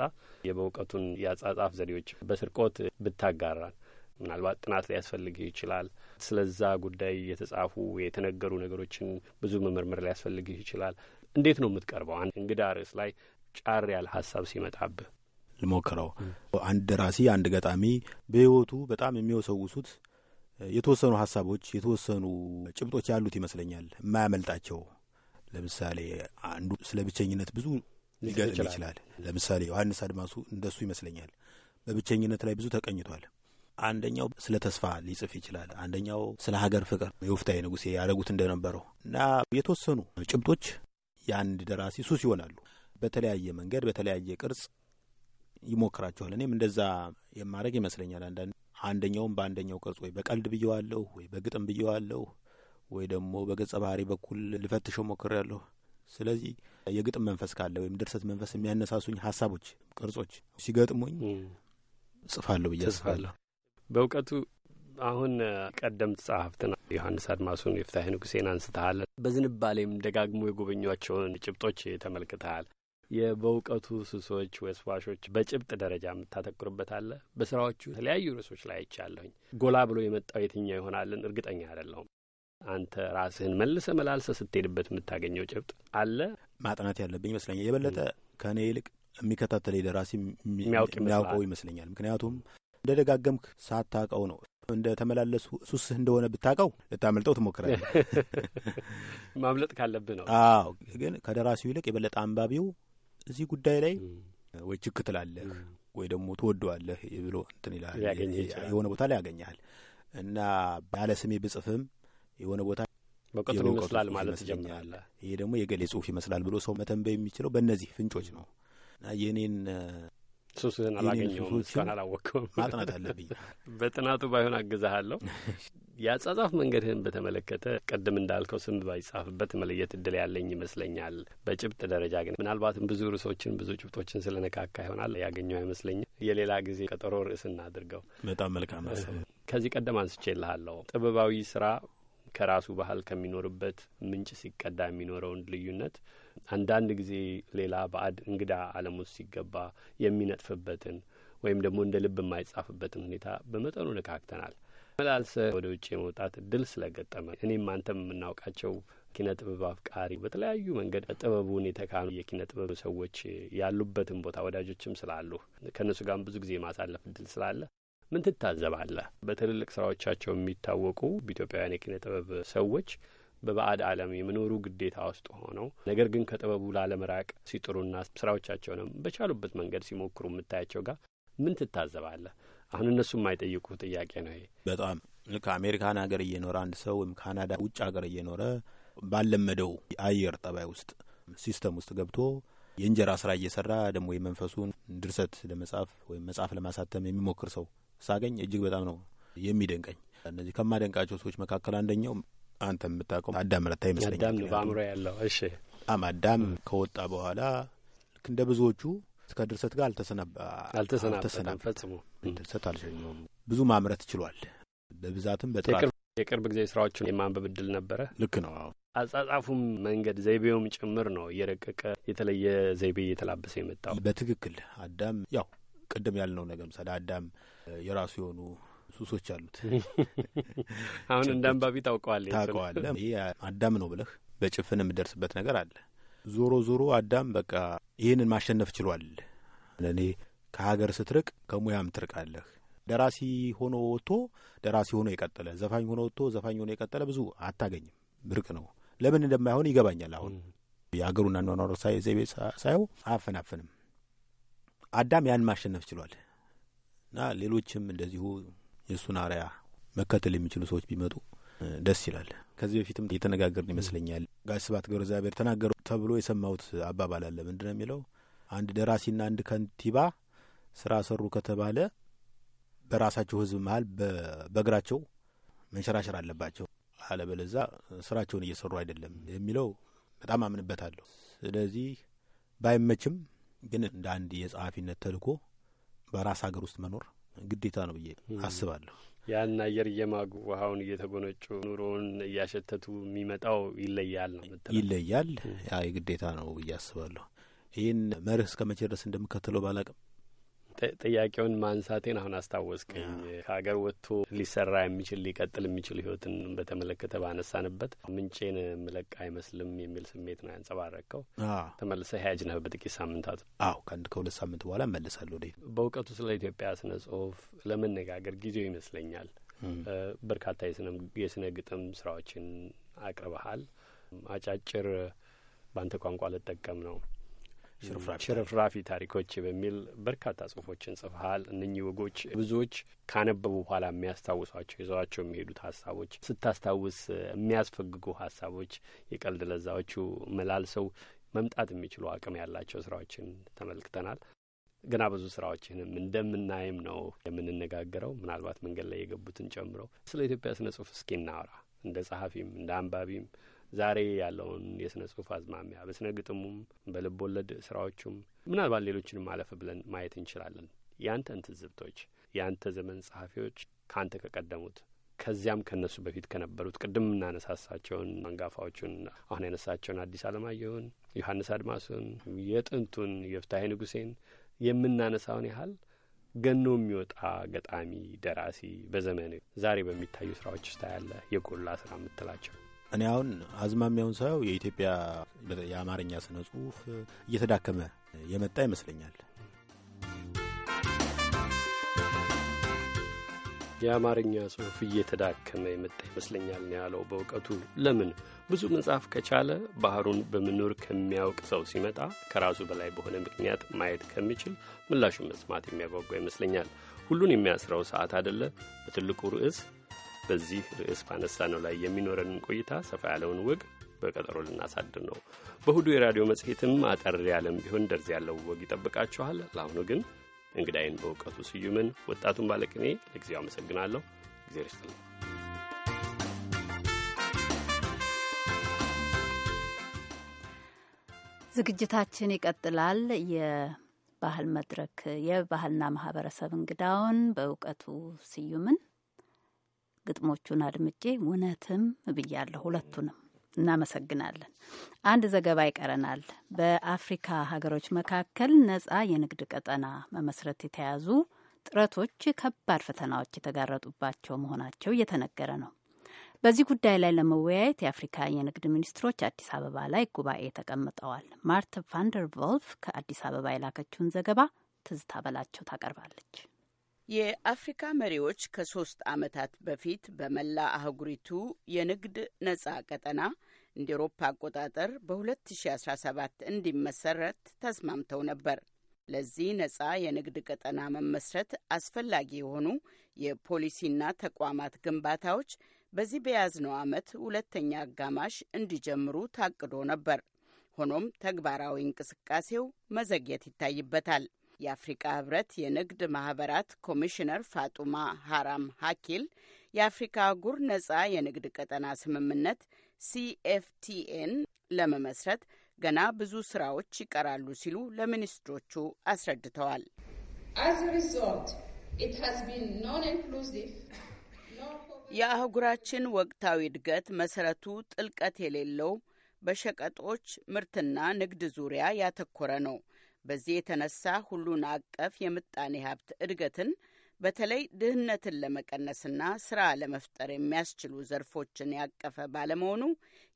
የበእውቀቱን የአጻጻፍ ዘዴዎች በስርቆት ብታጋራል። ምናልባት ጥናት ሊያስፈልግህ ይችላል። ስለዛ ጉዳይ የተጻፉ የተነገሩ ነገሮችን ብዙ መመርመር ሊያስፈልግ ይችላል። እንዴት ነው የምትቀርበው? አንድ እንግዳ ርዕስ ላይ ጫር ያለ ሀሳብ ሲመጣብህ ልሞክረው። አንድ ደራሲ፣ አንድ ገጣሚ በህይወቱ በጣም የሚወሰውሱት የተወሰኑ ሀሳቦች የተወሰኑ ጭብጦች ያሉት ይመስለኛል፣ የማያመልጣቸው ለምሳሌ አንዱ ስለ ብቸኝነት ብዙ ሊገጥም ይችላል። ለምሳሌ ዮሐንስ አድማሱ እንደሱ ይመስለኛል። በብቸኝነት ላይ ብዙ ተቀኝቷል። አንደኛው ስለ ተስፋ ሊጽፍ ይችላል። አንደኛው ስለ ሀገር ፍቅር የወፍታዊ ንጉሴ ያደረጉት እንደነበረው እና የተወሰኑ ጭብጦች የአንድ ደራሲ ሱስ ይሆናሉ። በተለያየ መንገድ በተለያየ ቅርጽ ይሞክራቸዋል። እኔም እንደዛ የማድረግ ይመስለኛል። አንዳንድ አንደኛውም በአንደኛው ቅርጽ ወይ በቀልድ ብየዋለሁ፣ ወይ በግጥም ብየዋለሁ፣ ወይ ደግሞ በገጸ ባህሪ በኩል ልፈትሸው ሞክሬያለሁ። ስለዚህ የግጥም መንፈስ ካለ ወይም ድርሰት መንፈስ የሚያነሳሱኝ ሀሳቦች፣ ቅርጾች ሲገጥሙኝ ጽፋለሁ ብዬ አስባለሁ። በእውቀቱ አሁን ቀደምት ጸሐፍትን ዮሐንስ አድማሱን፣ የፍትሐ ንጉሴን አንስተሃል። በዝንባሌም ደጋግሞ የጎበኟቸውን ጭብጦች ተመልክተሃል። የበእውቀቱ ስሶች ወስዋሾች በጭብጥ ደረጃ የምታተኩርበት አለ። በስራዎቹ የተለያዩ ርዕሶች ላይ አይቻለሁኝ። ጎላ ብሎ የመጣው የትኛው ይሆናልን እርግጠኛ አይደለሁም። አንተ ራስህን መልሰ መላልሰ ስትሄድበት የምታገኘው ጭብጥ አለ። ማጥናት ያለብኝ ይመስለኛል። የበለጠ ከእኔ ይልቅ የሚከታተል ደራሲ የሚያውቀው ይመስለኛል። ምክንያቱም እንደ ደጋገምክ ሳታውቀው ነው እንደ ተመላለሱ ሱስህ እንደሆነ ብታውቀው ልታመልጠው ትሞክራለህ። ማምለጥ ካለብህ ነው። አዎ፣ ግን ከደራሲው ይልቅ የበለጠ አንባቢው እዚህ ጉዳይ ላይ ወይ ችክ ትላለህ ወይ ደግሞ ትወደዋለህ ብሎ እንትን ይልሃል። የሆነ ቦታ ላይ ያገኘሃል እና ባለ ስሜ ብጽፍም የሆነ ቦታ በቅጡን ይመስላል ማለት ይጀምራል። ይሄ ደግሞ የገሌ ጽሁፍ ይመስላል ብሎ ሰው መተንበይ የሚችለው በእነዚህ ፍንጮች ነው እና የእኔን ሱስህን አላገኘውም እስካሁን አላወቅከውም። ማጥናት አለብኝ። በጥናቱ ባይሆን አግዛሃለሁ። የአጻጻፍ መንገድህን በተመለከተ ቅድም እንዳልከው ስም ባይጻፍበት መለየት እድል ያለኝ ይመስለኛል። በጭብጥ ደረጃ ግን ምናልባትም ብዙ ርዕሶችን ብዙ ጭብጦችን ስለነካካ ይሆናል ያገኘው አይመስለኝም። የሌላ ጊዜ ቀጠሮ ርዕስ እናድርገው። በጣም መልካም። ከዚህ ቀደም አንስቼ ልሃለሁ ጥበባዊ ስራ ከራሱ ባህል ከሚኖርበት ምንጭ ሲቀዳ የሚኖረውን ልዩነት አንዳንድ ጊዜ ሌላ ባዕድ እንግዳ ዓለም ውስጥ ሲገባ የሚነጥፍበትን ወይም ደግሞ እንደ ልብ የማይጻፍበትን ሁኔታ በመጠኑ ነካክተናል። መላልሰ ወደ ውጭ የመውጣት እድል ስለገጠመ እኔም አንተም የምናውቃቸው ኪነ ጥበብ አፍቃሪ በተለያዩ መንገድ ጥበቡን የተካኑ የኪነ ጥበብ ሰዎች ያሉበትን ቦታ ወዳጆችም ስላሉ ከእነሱ ጋርም ብዙ ጊዜ የማሳለፍ እድል ስላለ ምን ትታዘባለህ? በትልልቅ ስራዎቻቸው የሚታወቁ በኢትዮጵያውያን የኪነ ጥበብ ሰዎች በባዕድ ዓለም የመኖሩ ግዴታ ውስጥ ሆነው ነገር ግን ከጥበቡ ላለመራቅ ሲጥሩና ስራዎቻቸውንም በቻሉበት መንገድ ሲሞክሩ የምታያቸው ጋር ምን ትታዘባለህ? አሁን እነሱ የማይጠይቁ ጥያቄ ነው ይሄ። በጣም አሜሪካን ሀገር እየኖረ አንድ ሰው ወይም ካናዳ ውጭ ሀገር እየኖረ ባለመደው የአየር ጠባይ ውስጥ ሲስተም ውስጥ ገብቶ የእንጀራ ስራ እየሰራ ደግሞ የመንፈሱን ድርሰት ለመጻፍ ወይም መጽሐፍ ለማሳተም የሚሞክር ሰው ሳገኝ እጅግ በጣም ነው የሚደንቀኝ። እነዚህ ከማደንቃቸው ሰዎች መካከል አንደኛው አንተ የምታውቀው አዳም ረታ ይመስለኛል። በአእምሮ ያለው እሺ፣ አዳም ከወጣ በኋላ ልክ እንደ ብዙዎቹ እስከ ድርሰት ጋር አልተሰናበተም፣ ፈጽሞ ድርሰት አልሸኘውም። ብዙ ማምረት ችሏል። በብዛትም በጥራት የቅርብ ጊዜ ስራዎችን የማንበብ እድል ነበረ። ልክ ነው። አዎ አጻጻፉም መንገድ ዘይቤውም ጭምር ነው እየረቀቀ የተለየ ዘይቤ እየተላበሰ የመጣው። በትክክል አዳም ያው ቅድም ያልነው ነገር ምሳሌ አዳም የራሱ የሆኑ ሱሶች አሉት። አሁን እንደ አንባቢ ታውቀዋል ታውቀዋለ ይህ አዳም ነው ብለህ በጭፍን የምደርስበት ነገር አለ። ዞሮ ዞሮ አዳም በቃ ይህንን ማሸነፍ ችሏል። እኔ ከሀገር ስትርቅ ከሙያም ትርቃለህ። ደራሲ ሆኖ ወጥቶ ደራሲ ሆኖ የቀጠለ ዘፋኝ ሆኖ ወጥቶ ዘፋኝ ሆኖ የቀጠለ ብዙ አታገኝም። ብርቅ ነው። ለምን እንደማይሆን ይገባኛል። አሁን የሀገሩና ኗኗሮ ዘይቤ ሳየው አያፈናፍንም። አዳም ያን ማሸነፍ ችሏል እና ሌሎችም እንደዚሁ የእሱን አርያ መከተል የሚችሉ ሰዎች ቢመጡ ደስ ይላል። ከዚህ በፊትም የተነጋገርን ይመስለኛል። ጋሽ ስብሐት ገብረ እግዚአብሔር ተናገሩ ተብሎ የሰማሁት አባባል አለ። ምንድን ነው የሚለው? አንድ ደራሲና አንድ ከንቲባ ስራ ሰሩ ከተባለ በራሳቸው ህዝብ መሀል በእግራቸው መንሸራሸር አለባቸው፣ አለበለዛ ስራቸውን እየሰሩ አይደለም የሚለው በጣም አምንበታለሁ። ስለዚህ ባይመችም ግን እንደ አንድ የጸሀፊነት ተልእኮ በራስ ሀገር ውስጥ መኖር ግዴታ ነው ብዬ አስባለሁ። ያን አየር እየማጉ ውሀውን እየተጎነጩ ኑሮውን እያሸተቱ የሚመጣው ይለያል ነው ይለያል። ያ የግዴታ ነው ብዬ አስባለሁ። ይህን መርህ እስከ መቼ ድረስ እንደምከተለው ባላቅም ጥያቄውን ማንሳቴን አሁን አስታወስከኝ። ከሀገር ወጥቶ ሊሰራ የሚችል ሊቀጥል የሚችል ህይወትን በተመለከተ ባነሳንበት ምንጬን ምለቅ አይመስልም የሚል ስሜት ነው ያንጸባረቀው። ተመልሰ ያጅ ነህ በጥቂት ሳምንታት? አዎ ከአንድ ከሁለት ሳምንት በኋላ እመልሳለሁ ወደ በእውቀቱ ስለ ኢትዮጵያ ስነ ጽሁፍ ለመነጋገር ጊዜው ይመስለኛል። በርካታ የስነ ግጥም ስራዎችን አቅርበሃል። አጫጭር በአንተ ቋንቋ ልጠቀም ነው ሽርፍራፊ ታሪኮች በሚል በርካታ ጽሁፎችን ጽፈሃል። እነኚህ ወጎች ብዙዎች ካነበቡ በኋላ የሚያስታውሷቸው ይዘዋቸው የሚሄዱት ሀሳቦች ስታስታውስ የሚያስፈግጉ ሀሳቦች የቀልድ ለዛዎቹ መላልሰው መምጣት የሚችሉ አቅም ያላቸው ስራዎችን ተመልክተናል። ገና ብዙ ስራዎችንም እንደምናይም ነው የምንነጋገረው፣ ምናልባት መንገድ ላይ የገቡትን ጨምሮ። ስለ ኢትዮጵያ ስነ ጽሁፍ እስኪ እናወራ እንደ ጸሐፊም እንደ አንባቢም ዛሬ ያለውን የስነ ጽሁፍ አዝማሚያ በስነ ግጥሙም በልብ ወለድ ስራዎቹም ምናልባት ሌሎችንም አለፍ ብለን ማየት እንችላለን። ያንተን ትዝብቶች ያንተ ዘመን ጸሐፊዎች ከአንተ ከቀደሙት ከዚያም ከእነሱ በፊት ከነበሩት ቅድም እናነሳሳቸውን አንጋፋዎቹን አሁን ያነሳቸውን አዲስ አለማየሁን፣ ዮሐንስ አድማሱን፣ የጥንቱን የፍታሄ ንጉሴን የምናነሳውን ያህል ገኖ የሚወጣ ገጣሚ፣ ደራሲ በዘመን ዛሬ በሚታዩ ስራዎች ውስጥ ያለ የቆላ ስራ የምትላቸው እኔ አሁን አዝማሚያውን ሳየው የኢትዮጵያ የአማርኛ ስነ ጽሁፍ እየተዳከመ የመጣ ይመስለኛል። የአማርኛ ጽሁፍ እየተዳከመ የመጣ ይመስለኛል ነው ያለው። በእውቀቱ ለምን ብዙ መጽሐፍ ከቻለ ባህሩን በመኖር ከሚያውቅ ሰው ሲመጣ ከራሱ በላይ በሆነ ምክንያት ማየት ከሚችል ምላሹን መስማት የሚያጓጓ ይመስለኛል። ሁሉን የሚያስረው ሰዓት አደለ። በትልቁ ርዕስ በዚህ ርዕስ ባነሳ ነው ላይ የሚኖረንን ቆይታ ሰፋ ያለውን ወግ በቀጠሮ ልናሳድር ነው። በእሁዱ የራዲዮ መጽሔትም አጠር ያለም ቢሆን ደርዝ ያለው ወግ ይጠብቃችኋል። ለአሁኑ ግን እንግዳይን በእውቀቱ ስዩምን፣ ወጣቱን ባለቅኔ ለጊዜው አመሰግናለሁ። እግዜር ይስጥልኝ። ዝግጅታችን ይቀጥላል። የባህል መድረክ የባህልና ማህበረሰብ እንግዳውን በእውቀቱ ስዩምን ግጥሞቹን አድምጬ እውነትም ብያለሁ ሁለቱንም። እናመሰግናለን። አንድ ዘገባ ይቀረናል። በአፍሪካ ሀገሮች መካከል ነጻ የንግድ ቀጠና መመስረት የተያዙ ጥረቶች ከባድ ፈተናዎች የተጋረጡባቸው መሆናቸው እየተነገረ ነው። በዚህ ጉዳይ ላይ ለመወያየት የአፍሪካ የንግድ ሚኒስትሮች አዲስ አበባ ላይ ጉባኤ ተቀምጠዋል። ማርት ቫንደር ቮልፍ ከአዲስ አበባ የላከችውን ዘገባ ትዝታ በላቸው ታቀርባለች። የአፍሪካ መሪዎች ከሶስት ዓመታት በፊት በመላ አህጉሪቱ የንግድ ነጻ ቀጠና እንደ ኤሮፓ አቆጣጠር በ2017 እንዲመሰረት ተስማምተው ነበር። ለዚህ ነጻ የንግድ ቀጠና መመስረት አስፈላጊ የሆኑ የፖሊሲና ተቋማት ግንባታዎች በዚህ በያዝነው ዓመት ሁለተኛ አጋማሽ እንዲጀምሩ ታቅዶ ነበር። ሆኖም ተግባራዊ እንቅስቃሴው መዘግየት ይታይበታል። የአፍሪቃ ህብረት የንግድ ማህበራት ኮሚሽነር ፋጡማ ሃራም ሀኪል የአፍሪካ አህጉር ነጻ የንግድ ቀጠና ስምምነት ሲኤፍቲኤን ለመመስረት ገና ብዙ ስራዎች ይቀራሉ ሲሉ ለሚኒስትሮቹ አስረድተዋል። የአህጉራችን ወቅታዊ እድገት መሰረቱ ጥልቀት የሌለው በሸቀጦች ምርትና ንግድ ዙሪያ ያተኮረ ነው። በዚህ የተነሳ ሁሉን አቀፍ የምጣኔ ሀብት እድገትን በተለይ ድህነትን ለመቀነስና ስራ ለመፍጠር የሚያስችሉ ዘርፎችን ያቀፈ ባለመሆኑ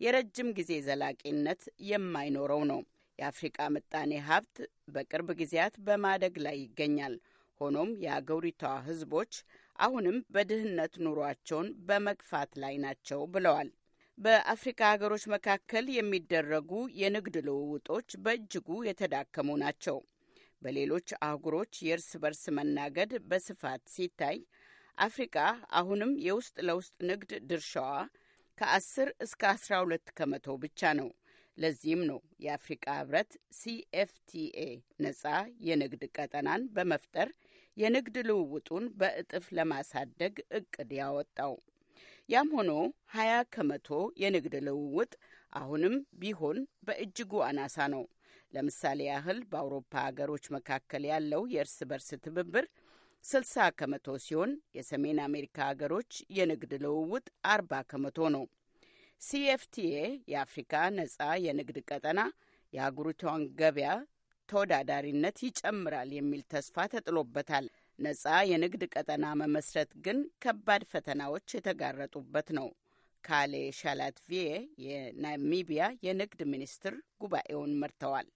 የረጅም ጊዜ ዘላቂነት የማይኖረው ነው። የአፍሪቃ ምጣኔ ሀብት በቅርብ ጊዜያት በማደግ ላይ ይገኛል። ሆኖም የአገሪቷ ህዝቦች አሁንም በድህነት ኑሯቸውን በመግፋት ላይ ናቸው ብለዋል በአፍሪካ ሀገሮች መካከል የሚደረጉ የንግድ ልውውጦች በእጅጉ የተዳከሙ ናቸው። በሌሎች አህጉሮች የእርስ በርስ መናገድ በስፋት ሲታይ አፍሪካ አሁንም የውስጥ ለውስጥ ንግድ ድርሻዋ ከ10 እስከ 12 ከመቶ ብቻ ነው። ለዚህም ነው የአፍሪቃ ህብረት ሲኤፍቲኤ ነጻ የንግድ ቀጠናን በመፍጠር የንግድ ልውውጡን በእጥፍ ለማሳደግ እቅድ ያወጣው። ያም ሆኖ ሀያ ከመቶ የንግድ ልውውጥ አሁንም ቢሆን በእጅጉ አናሳ ነው። ለምሳሌ ያህል በአውሮፓ ሀገሮች መካከል ያለው የእርስ በርስ ትብብር 60 ከመቶ ሲሆን የሰሜን አሜሪካ ሀገሮች የንግድ ልውውጥ 40 ከመቶ ነው። ሲኤፍቲኤ የአፍሪካ ነጻ የንግድ ቀጠና የአህጉሪቷን ገበያ ተወዳዳሪነት ይጨምራል የሚል ተስፋ ተጥሎበታል። ነጻ የንግድ ቀጠና መመስረት ግን ከባድ ፈተናዎች የተጋረጡበት ነው። ካሌ ሻላትቪዬ የናሚቢያ የንግድ ሚኒስትር ጉባኤውን መርተዋል።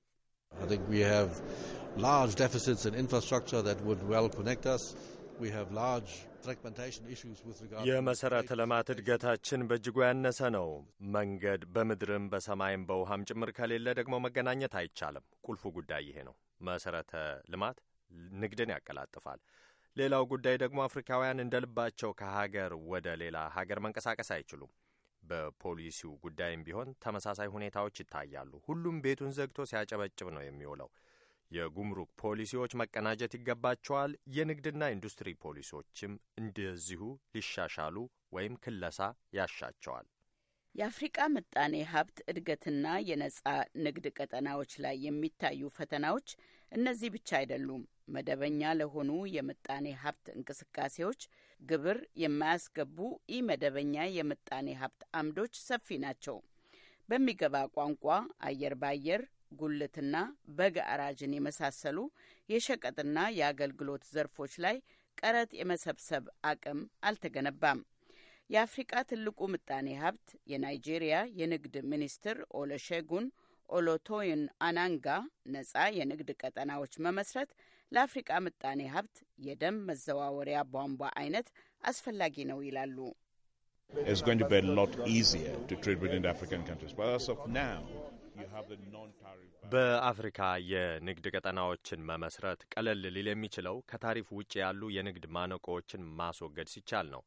የመሰረተ ልማት እድገታችን በእጅጉ ያነሰ ነው። መንገድ በምድርም በሰማይም በውሃም ጭምር ከሌለ ደግሞ መገናኘት አይቻልም። ቁልፉ ጉዳይ ይሄ ነው። መሰረተ ልማት ንግድን ያቀላጥፋል። ሌላው ጉዳይ ደግሞ አፍሪካውያን እንደ ልባቸው ከሀገር ወደ ሌላ ሀገር መንቀሳቀስ አይችሉም። በፖሊሲው ጉዳይም ቢሆን ተመሳሳይ ሁኔታዎች ይታያሉ። ሁሉም ቤቱን ዘግቶ ሲያጨበጭብ ነው የሚውለው። የጉምሩክ ፖሊሲዎች መቀናጀት ይገባቸዋል። የንግድና ኢንዱስትሪ ፖሊሲዎችም እንደዚሁ ሊሻሻሉ ወይም ክለሳ ያሻቸዋል። የአፍሪቃ ምጣኔ ሀብት እድገትና የነጻ ንግድ ቀጠናዎች ላይ የሚታዩ ፈተናዎች እነዚህ ብቻ አይደሉም። መደበኛ ለሆኑ የምጣኔ ሀብት እንቅስቃሴዎች ግብር የማያስገቡ ኢ መደበኛ የምጣኔ ሀብት አምዶች ሰፊ ናቸው። በሚገባ ቋንቋ አየር ባየር፣ ጉልትና በግ አራጅን የመሳሰሉ የሸቀጥና የአገልግሎት ዘርፎች ላይ ቀረጥ የመሰብሰብ አቅም አልተገነባም። የአፍሪቃ ትልቁ ምጣኔ ሀብት የናይጄሪያ የንግድ ሚኒስትር ኦለሼጉን ኦሎቶይን አናንጋ ነጻ የንግድ ቀጠናዎች መመስረት ለአፍሪቃ ምጣኔ ሀብት የደም መዘዋወሪያ ቧንቧ አይነት አስፈላጊ ነው ይላሉ። በአፍሪካ የንግድ ቀጠናዎችን መመስረት ቀለል ሊል የሚችለው ከታሪፍ ውጭ ያሉ የንግድ ማነቆዎችን ማስወገድ ሲቻል ነው።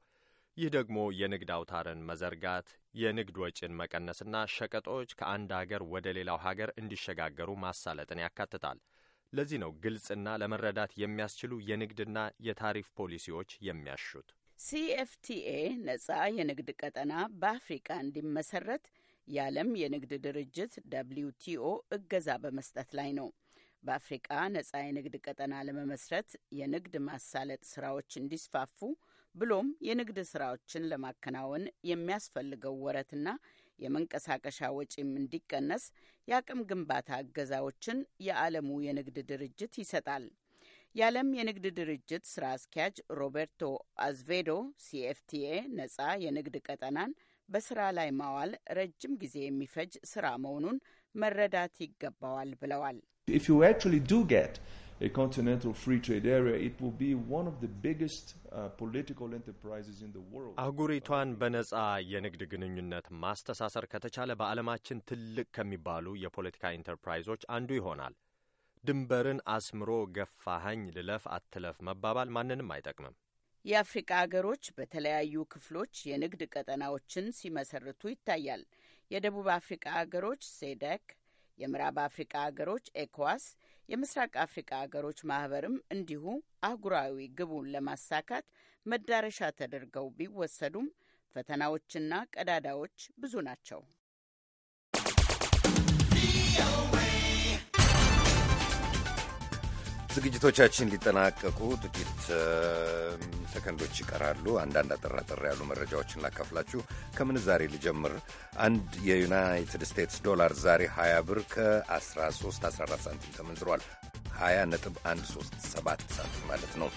ይህ ደግሞ የንግድ አውታርን መዘርጋት፣ የንግድ ወጪን መቀነስና ሸቀጦች ከአንድ ሀገር ወደ ሌላው ሀገር እንዲሸጋገሩ ማሳለጥን ያካትታል። ለዚህ ነው ግልጽና ለመረዳት የሚያስችሉ የንግድና የታሪፍ ፖሊሲዎች የሚያሹት። ሲኤፍቲኤ ነጻ የንግድ ቀጠና በአፍሪቃ እንዲመሰረት የዓለም የንግድ ድርጅት ደብልዩ ቲኦ እገዛ በመስጠት ላይ ነው። በአፍሪቃ ነጻ የንግድ ቀጠና ለመመስረት የንግድ ማሳለጥ ስራዎች እንዲስፋፉ ብሎም የንግድ ስራዎችን ለማከናወን የሚያስፈልገው ወረትና የመንቀሳቀሻ ወጪም እንዲቀነስ የአቅም ግንባታ እገዛዎችን የዓለሙ የንግድ ድርጅት ይሰጣል። የዓለም የንግድ ድርጅት ስራ አስኪያጅ ሮቤርቶ አዝቬዶ ሲኤፍቲኤ ነጻ የንግድ ቀጠናን በስራ ላይ ማዋል ረጅም ጊዜ የሚፈጅ ስራ መሆኑን መረዳት ይገባዋል ብለዋል። a continental free trade area, it will be one of the biggest uh, political enterprises in the world. አህጉሪቷን uh, በነጻ የንግድ ግንኙነት ማስተሳሰር ከተቻለ በዓለማችን ትልቅ ከሚባሉ የፖለቲካ ኢንተርፕራይዞች አንዱ ይሆናል። ድንበርን አስምሮ ገፋሃኝ ልለፍ አትለፍ መባባል ማንንም አይጠቅምም። የአፍሪቃ አገሮች በተለያዩ ክፍሎች የንግድ ቀጠናዎችን ሲመሰርቱ ይታያል። የደቡብ አፍሪቃ አገሮች ሴደክ፣ የምዕራብ አፍሪቃ አገሮች ኤኮዋስ የምስራቅ አፍሪካ አገሮች ማህበርም እንዲሁ አህጉራዊ ግቡን ለማሳካት መዳረሻ ተደርገው ቢወሰዱም ፈተናዎችና ቀዳዳዎች ብዙ ናቸው። ዝግጅቶቻችን ሊጠናቀቁ ጥቂት ሰከንዶች ይቀራሉ። አንዳንድ አጠራጠር ያሉ መረጃዎችን ላካፍላችሁ። ከምንዛሬ ልጀምር። አንድ የዩናይትድ ስቴትስ ዶላር ዛሬ 20 ብር ከ 1314 ሳንቲም ተመንዝሯል። 20 ነጥብ 137 ሳንቲም ማለት ነው።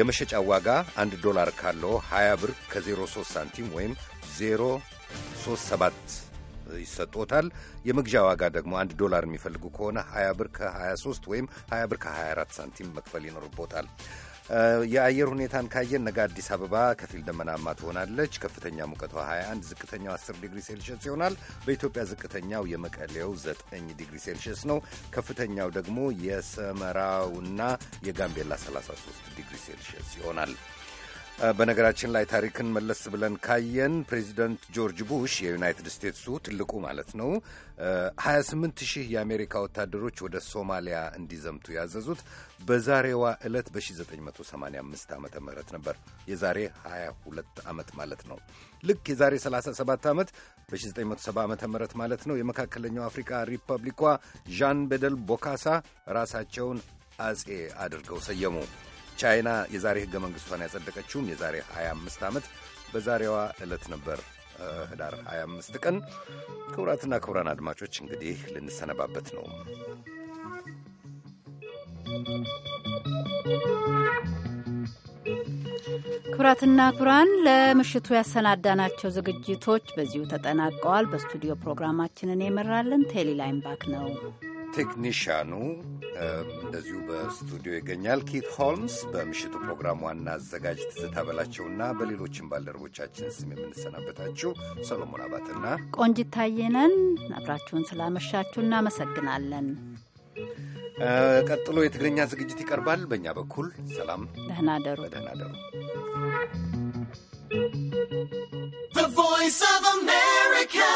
የመሸጫ ዋጋ 1 ዶላር ካለው 20 ብር ከ03 ሳንቲም ወይም 037 ይሰጦታል። የመግዣ ዋጋ ደግሞ አንድ ዶላር የሚፈልጉ ከሆነ 20 ብር ከ23 ወይም 20 ብር ከ24 ሳንቲም መክፈል ይኖርቦታል። የአየር ሁኔታን ካየን ነገ አዲስ አበባ ከፊል ደመናማ ትሆናለች። ከፍተኛ ሙቀቷ 21፣ ዝቅተኛው 10 ዲግሪ ሴልሽስ ይሆናል። በኢትዮጵያ ዝቅተኛው የመቀሌው 9 ዲግሪ ሴልሽስ ነው። ከፍተኛው ደግሞ የሰመራውና የጋምቤላ 33 ዲግሪ ሴልሽስ ይሆናል። በነገራችን ላይ ታሪክን መለስ ብለን ካየን ፕሬዚደንት ጆርጅ ቡሽ የዩናይትድ ስቴትሱ ትልቁ ማለት ነው 28 ሺህ የአሜሪካ ወታደሮች ወደ ሶማሊያ እንዲዘምቱ ያዘዙት በዛሬዋ ዕለት በ1985 ዓ ም ነበር። የዛሬ 22 ዓመት ማለት ነው። ልክ የዛሬ 37 ዓመት በ1970 ዓ ም ማለት ነው። የመካከለኛው አፍሪካ ሪፐብሊኳ ዣን በደል ቦካሳ ራሳቸውን አጼ አድርገው ሰየሙ። ቻይና የዛሬ ህገ መንግስቷን ያጸደቀችውም የዛሬ 25 ዓመት በዛሬዋ ዕለት ነበር ህዳር 25 ቀን። ክቡራትና ክቡራን አድማጮች እንግዲህ ልንሰነባበት ነው። ክቡራትና ክቡራን ለምሽቱ ያሰናዳናቸው ዝግጅቶች በዚሁ ተጠናቀዋል። በስቱዲዮ ፕሮግራማችንን የመራልን ቴሌላይም ባክ ነው። ቴክኒሽያኑ እንደዚሁ በስቱዲዮ ይገኛል። ኪት ሆልምስ በምሽቱ ፕሮግራም ዋና አዘጋጅ ትዝታ በላቸውና በሌሎችም ባልደረቦቻችን ስም የምንሰናበታችሁ ሰሎሞን አባትና ቆንጂት ታየነን አብራችሁን ስላመሻችሁ እናመሰግናለን። ቀጥሎ የትግርኛ ዝግጅት ይቀርባል። በእኛ በኩል ሰላም፣ ደህና ደሩ፣ ደሩ። The voice of America